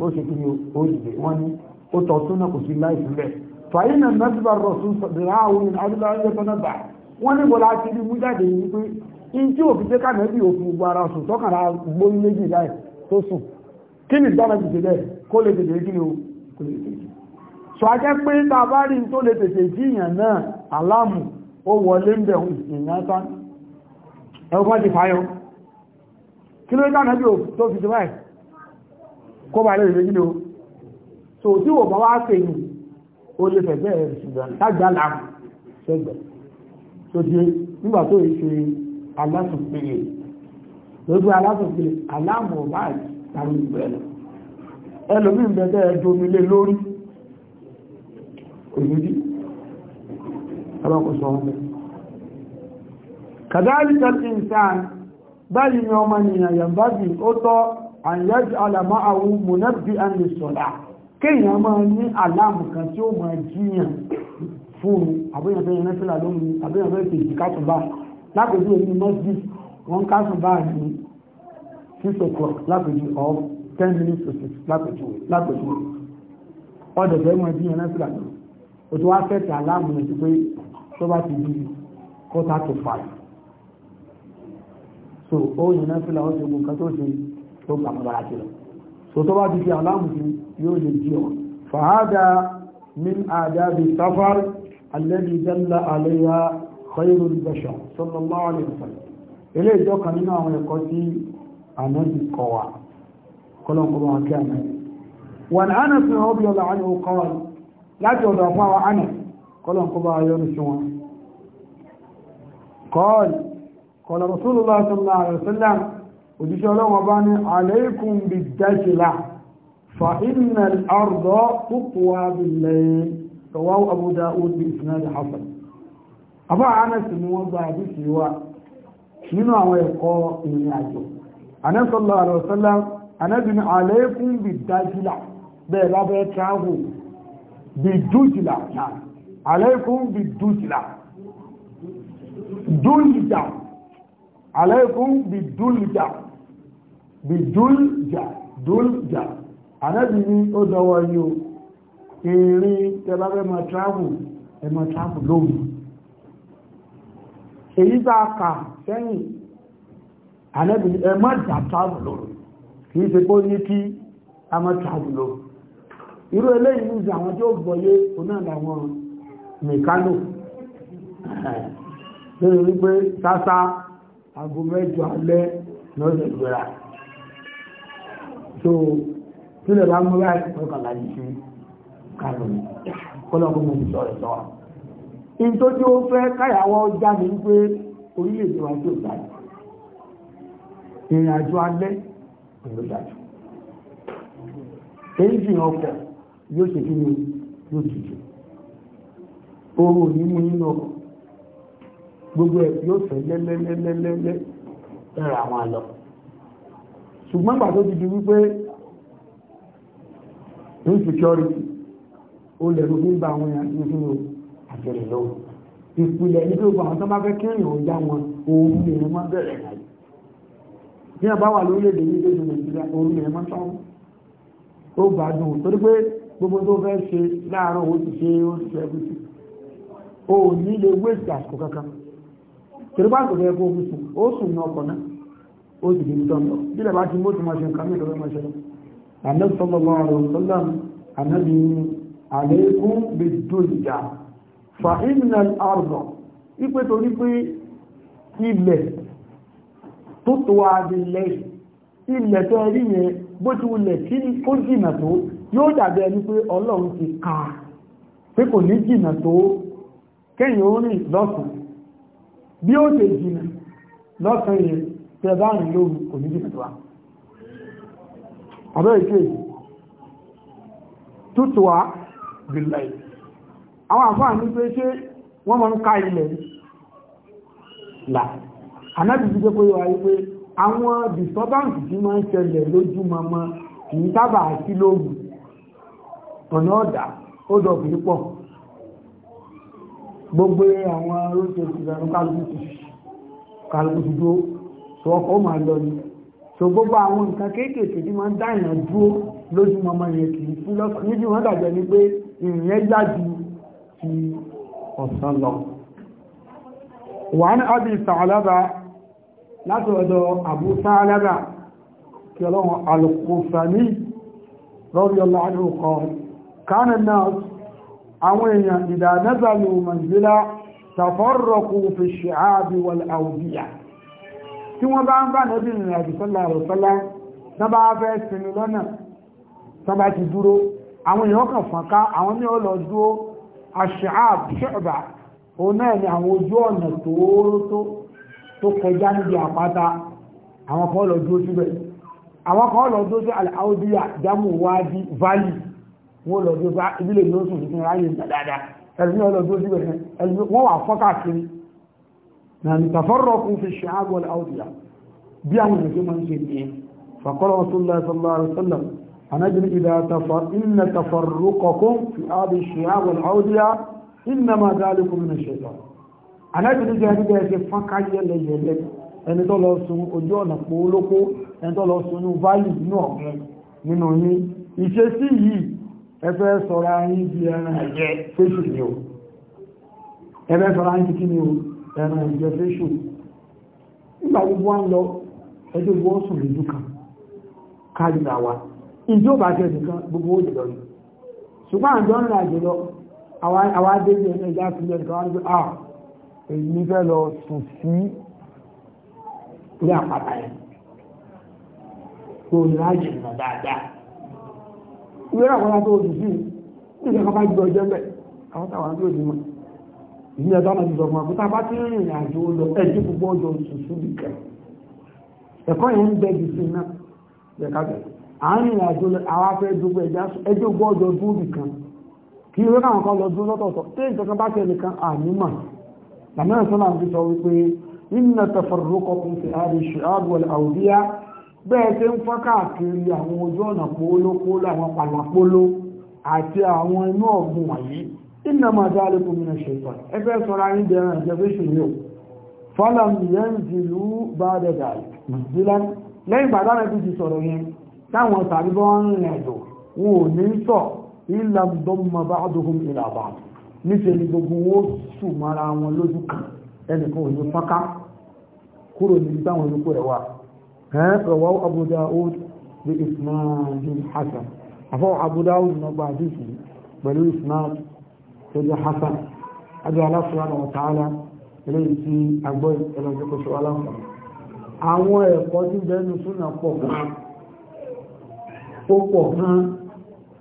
ó ṣe kí ni ó dìde wọ́n ní ó tọ̀ súnà kò sí láì fún bẹ́ẹ̀ fàyín mẹ́tìbà rọ̀ sún àwọn ènìyàn àdúgbò bà wọ́n ní bọ́lá ti rí mú yìí pé òfin gbogbo ara sùn tọ́kànlá gbóyún méjì láì tó sùn kí ni ti kó lè tètè kí ni ó kò lè tètè sọ ajẹ́ pé tá a bá rí tó lè tètè tí èèyàn náà aláàmù ó wọlé kó bá lẹ́rẹ̀ méjì lóò so tí wò bá wá pè ní o lè fẹ̀gbẹ́ rẹ̀ ṣùgbọ́n tágbà làm fẹ́gbẹ̀ tó di nígbà tó yìí ṣe alásùnpele lójú alásùnpele aláàmù ọba àtàrí ìbẹ̀rẹ̀ ẹlòmíì bẹ̀rẹ̀ domi lé lórí òyìnbí ọlọ́kùsọ̀ ọmọ kàdáàlì tẹ́lifíǹsán báyìí ni ọmọ nìyàn yàmbá bì ó tọ́ àyájú alàmá àwọn mọ̀nàbí àlèsọ̀lá kéèyàn máa ní àláàmù kan tí ó máa jíyàn fún àbúyànfẹ́ ìrẹ́fẹ́lá lórí àbúyànfẹ́ ìpèjì kásùnbà lápòjú orí mọ́sí wọn kásùnbà ní 6 o'clock lápòjú ọ 10 minutes to 6 lápòjú lápòjú ọdọ̀ fẹ́ mọ́ jíyàn lẹ́fẹ́lá lórí o tó wá fẹ́ẹ̀tì àláàmù rẹ̀ sí pé so ó yìí lẹ́fẹ́lá ó ti gbọ́n tó gbà fún ara jùlọ so tó bá ti fi aláàmù sí yóò lè jí ọ fàádà min àdábi sáfàr alẹ́bí jẹ́lá àlẹ́yà khairul bashar sallallahu alaihi wasallam ilé ìjọ kan nínú àwọn ẹ̀kọ́ tí ànábì kọ́ wa kọlọ́nkọlọ́ àti ànábì wọn ànà sí ọbí ọlá àyè òkọ́ láti ọ̀dọ̀ fún àwọn ànà kọlọ́nkọlọ́ ayọ́nu sí wọn قال قال رسول الله صلى الله عليه وسلم òjíṣẹ́ ọlọ́wọ́ bá ní alaykum bid-dajla fa inna al-arda tutwa bil-layl rawahu Abu Dawud bi isnad hasan àbá Anas ni wọ́n gba àdìsí wa nínú àwọn ẹ̀kọ́ ìrìn àjò Anas sallallahu alaihi wasallam bí dúljà dúljà àrẹ́bì ní ó dọwọ́ yóò ìrìn tẹbàbẹ́ ma travel ẹmọ travel lóòrùn èyí bá kà sẹ́yìn àrẹ́bì ní ẹmọ jà travel lóòrùn kì í ṣe kó ní kí a mọ́ travel lóòrùn irú eléyìí ní àwọn tí ó gbọ́yé onáàdà wọn mẹ̀kánò lórí wípé sásá aago mẹ́jọ lọ́sẹ̀ gbéra tó tó lè bá múra ìpínlẹ̀ láti ṣe kàrùn kọ́lọ́gbọ́n mú sọ rẹ̀ sọ́wọ́ in tó tí ó fẹ́ káyàwó jáde wípé orílẹ̀-èdè wa tó dájú ìrìn àjò alẹ́ pẹ̀lú dájú èyí ọkọ̀ yóò ṣe kí ni yóò tutù oru ní mú nínú gbogbo ẹ̀ yóò fẹ́ lẹ́lẹ́lẹ́lẹ́lẹ́ lára àwọn àlọ́kọ̀ ṣùgbọ́n pàtó ti di wípé insecurity ó lẹ̀rú nígbà àwọn èèyàn ní sínú àjẹrẹ̀ lọ́wọ́ ìpìlẹ̀ ní gbogbo àwọn tó bá fẹ́ kí èèyàn já wọn òun ni èèyàn máa bẹ̀rẹ̀ láyé bí wọn bá wà lórílẹ̀-èdè ní ìdíje nàìjíríà òun ni èèyàn máa sáwọn ó gbádùn torí pé gbogbo tó fẹ́ ṣe láàárọ̀ ó ti ṣe ó ti ṣe ẹgbẹ́ ó ní ilé wéèsì àsìkò kankan torí bá kò fẹ́ kó o fi sùn ó sùn ní ọkọ̀ náà ó sì fi tọ́ lọ bí lẹ́bàá ti mọ́tò máa ṣe nǹkan mẹ́ta lọ́wọ́ ṣẹlẹ̀ ànábì sallallahu alaihi wasallam ànábì ní alaykum bid-dunya fa inna al-arda wípé torí pé ilẹ̀ tó tó adìlẹ̀ ilẹ̀ tó rí yẹn bó ti wulẹ̀ tí ó jìnà tó yóò dàbí ẹni pé ọlọ́run ti ka pé kò ní jìnà tó kẹ́yìn orin lọ́sàn bí ó ṣe jìnà lọ́sàn yẹn tẹ bá rìn lóru kò ní jìnà tó wá àbẹ́ ìké tútù wá bìlẹ̀ àwọn àfáà ní pé ṣé wọ́n máa ń ká ilẹ̀ là anábì ti jẹ́ pé wà wípé àwọn disturbance tí máa ń ṣẹlẹ̀ lójú mọmọ kì í sábà sí lóru ọ̀nà ọ̀dà ó dọ̀ kìí pọ̀ gbogbo àwọn oúnjẹ ìgbàlú kálukú ti dúró tó ọkọ̀ máa lọ ni so gbogbo àwọn nǹkan kéékèèké tí máa ń dá ìrìn dúró lójúmọmọ yẹn kì í fún lọ́sàn níbi wọ́n dàgbẹ́ ni pé ìrìn yẹn jáde ti ọ̀sán lọ wàhán abi sàlábà láti ọ̀dọ̀ àbú sàlábà kí ọlọ́run alùkùnfàní rọ́bí ọlọ́run kọ́ kánà àwọn èèyàn ìdánẹ́bàlù mọ̀jílá tàfọ́rọ̀kù fi ṣe ààbí wal àwùdíyà tí wọ́n bá ń bá nẹ́bí ìrìn àjò sọ́lá rẹ̀ sọ́lá tọ́bá fẹ́ sinmi lọ́nà tọ́bá ti dúró àwọn èèyàn kan fọ́nká àwọn ní ọlọ́ dúró aṣáàb ṣọ́ọ̀bà náà ni àwọn ojú ọ̀nà tóóró tó kọjá níbi àpáta àwọn kan lọ dúró síbẹ̀ àwọn kan lọ dúró sí aláwọ̀díyà jámù wáàdí valley wọ́n lọ dúró sí ibi lè ní oṣù tuntun ráyè dáadáa ẹ̀rù ní ọlọ́ dúró síbẹ̀ wọ́n wà fọ́n káàkiri يعني تفرقوا في الشعاب والأودية بيعمل في منزل إيه فقال رسول الله صلى الله عليه وسلم أنجم إذا تفر... إن تفرقكم في هذه الشعاب والأودية إنما ذلك من الشيطان أنجم إذا هذه فقع يلي يلي ẹni tó lọ sun ojú ọ̀nà pò olóko ẹni tó lọ sun inú báyìí inú ọ̀gbẹ́ nínú yín ìṣesí yìí ẹfẹ́ sọ̀rọ̀ ayín di ẹran ẹ̀jẹ̀ fésù ni o ẹfẹ́ sọ̀rọ̀ ayín ti kí ni o ẹran ìjẹ fẹ́ṣù nígbà gbogbo wọn lọ ẹjọ́ ìwọ́ sùn lójú kan kárí ra wa ìjọ bá jẹ́ nìkan gbogbo ó jùlọ ní ṣùgbọ́n àjọ ń ra jùlọ àwọn adébí ẹja sílẹ̀ nìkan wọ́n ní à èyí fẹ́ lọ sùn sí ilé àpáta yẹn tó ní láàyè nà dáadáa ìwé àwọn alábọ̀ òdùdú ìjọba gbọ́ jẹ́ bẹ́ẹ̀ àwọn táwọn àbúrò ní mọ́ ìní ẹ̀dá náà ti sọ fún akúta bá ti rìnrìn àjò lọ ẹ̀jú gbogbo ọjọ́ ìṣùṣù bí kẹ ẹ̀kọ́ yẹn ń bẹ jù sí iná ẹ̀ka bẹ̀ àárín àjò àwọn afẹ́ dúgbò ẹjọ́ gbogbo ọjọ́ dúró bì kí ìwé káwọn kan lọ dúró lọ́tọ̀ọ̀tọ̀ tí ìjọkan bá tẹ̀lé kan ànímọ̀ làmẹ́rin sọ́nà ti sọ wípé nínú tẹfọ̀rọ̀kọ̀ kún iná máa dá alẹ́kùn mi náà ṣètò ẹgbẹ́ sọ́ra yín dẹ̀rẹ̀ ìjẹ́fẹ́ṣùn yóò fọ́làm yẹn jìlú bá dẹ̀dà ìdílá lẹ́yìn bàdá rẹ̀ ti sọ̀rọ̀ yẹn táwọn tàbí bọ́ ń rìn àjò wọn ò ní sọ ilà dọ́mọ bá dùkún ilà bá níṣẹ́ ni gbogbo wọn sùn mara wọn lójú kan pẹ̀lú ismail tó jẹ́ hasan adé aláṣọ́wọ́n àwọn tààlà eléyìí tí agbọ́ ìrọ̀lọ́jọ́kọ̀ṣọ́ aláǹfààní àwọn ẹ̀kọ́ tí bẹ́ẹ̀nu súnà pọ̀ kan ó pọ̀ kan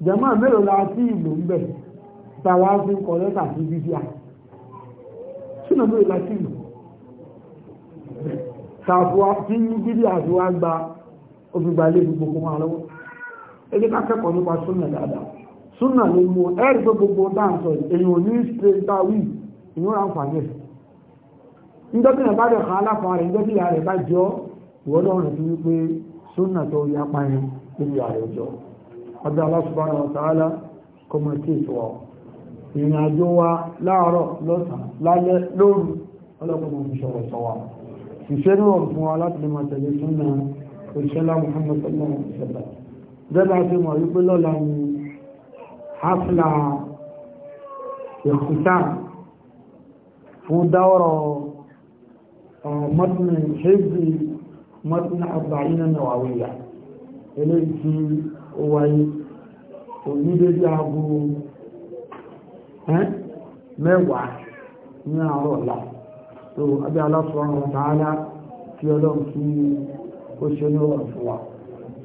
jẹ́mọ́ mélòó la sí ìlú ń bẹ̀ tàwa fi ń kọ̀ lẹ́tà sí bíbíà súnà mélòó la sí ìlú tàfíwá tí ní bíbíà tí wá gba obìgbà lé gbogbo kó máa lọ́wọ́ ẹgbẹ́ ká kẹ́kọ̀ọ́ nípa súnà dáadáa súnà ló mú ẹ̀rí pé gbogbo dáǹsọ̀ èyàn ò ní ṣe dáwì ìyún àǹfààní ẹ̀ nítorí náà bá dẹ̀kan aláfàá rẹ̀ nítorí ìyá rẹ̀ bá jọ ìwọ́n lọ́rùn sí wípé súnà tó yá páyín lórí ààrẹ ọjọ́ ọjọ́ Allah subhanahu wa ta'ala kọmọ sí ìtọ́wọ́ ìrìn àjò wa láàárọ̀ lọ́sàn lálẹ́ lóru ọlọ́pọ̀lọpọ̀ ìṣọ̀rọ̀ sọ́wọ́ ìṣẹ́ náà fún wa láti lè máa tẹ̀lé hafla ikhtisam fún dáwọ́rọ̀ mọ́tún ṣéèzì mọ́tún àbáyínà nàwàwíyà eléyìí tí ó wáyé òní dédé aago mẹ́wàá ní àárọ̀ ọ̀la tó abẹ́ aláṣọ́rọ̀ ọ̀tàálá tí ọlọ́run kí ó ṣe ní ọ̀rọ̀ fún wa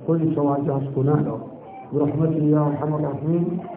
kó ìṣọ́wájú àsìkò náà lọ برحمته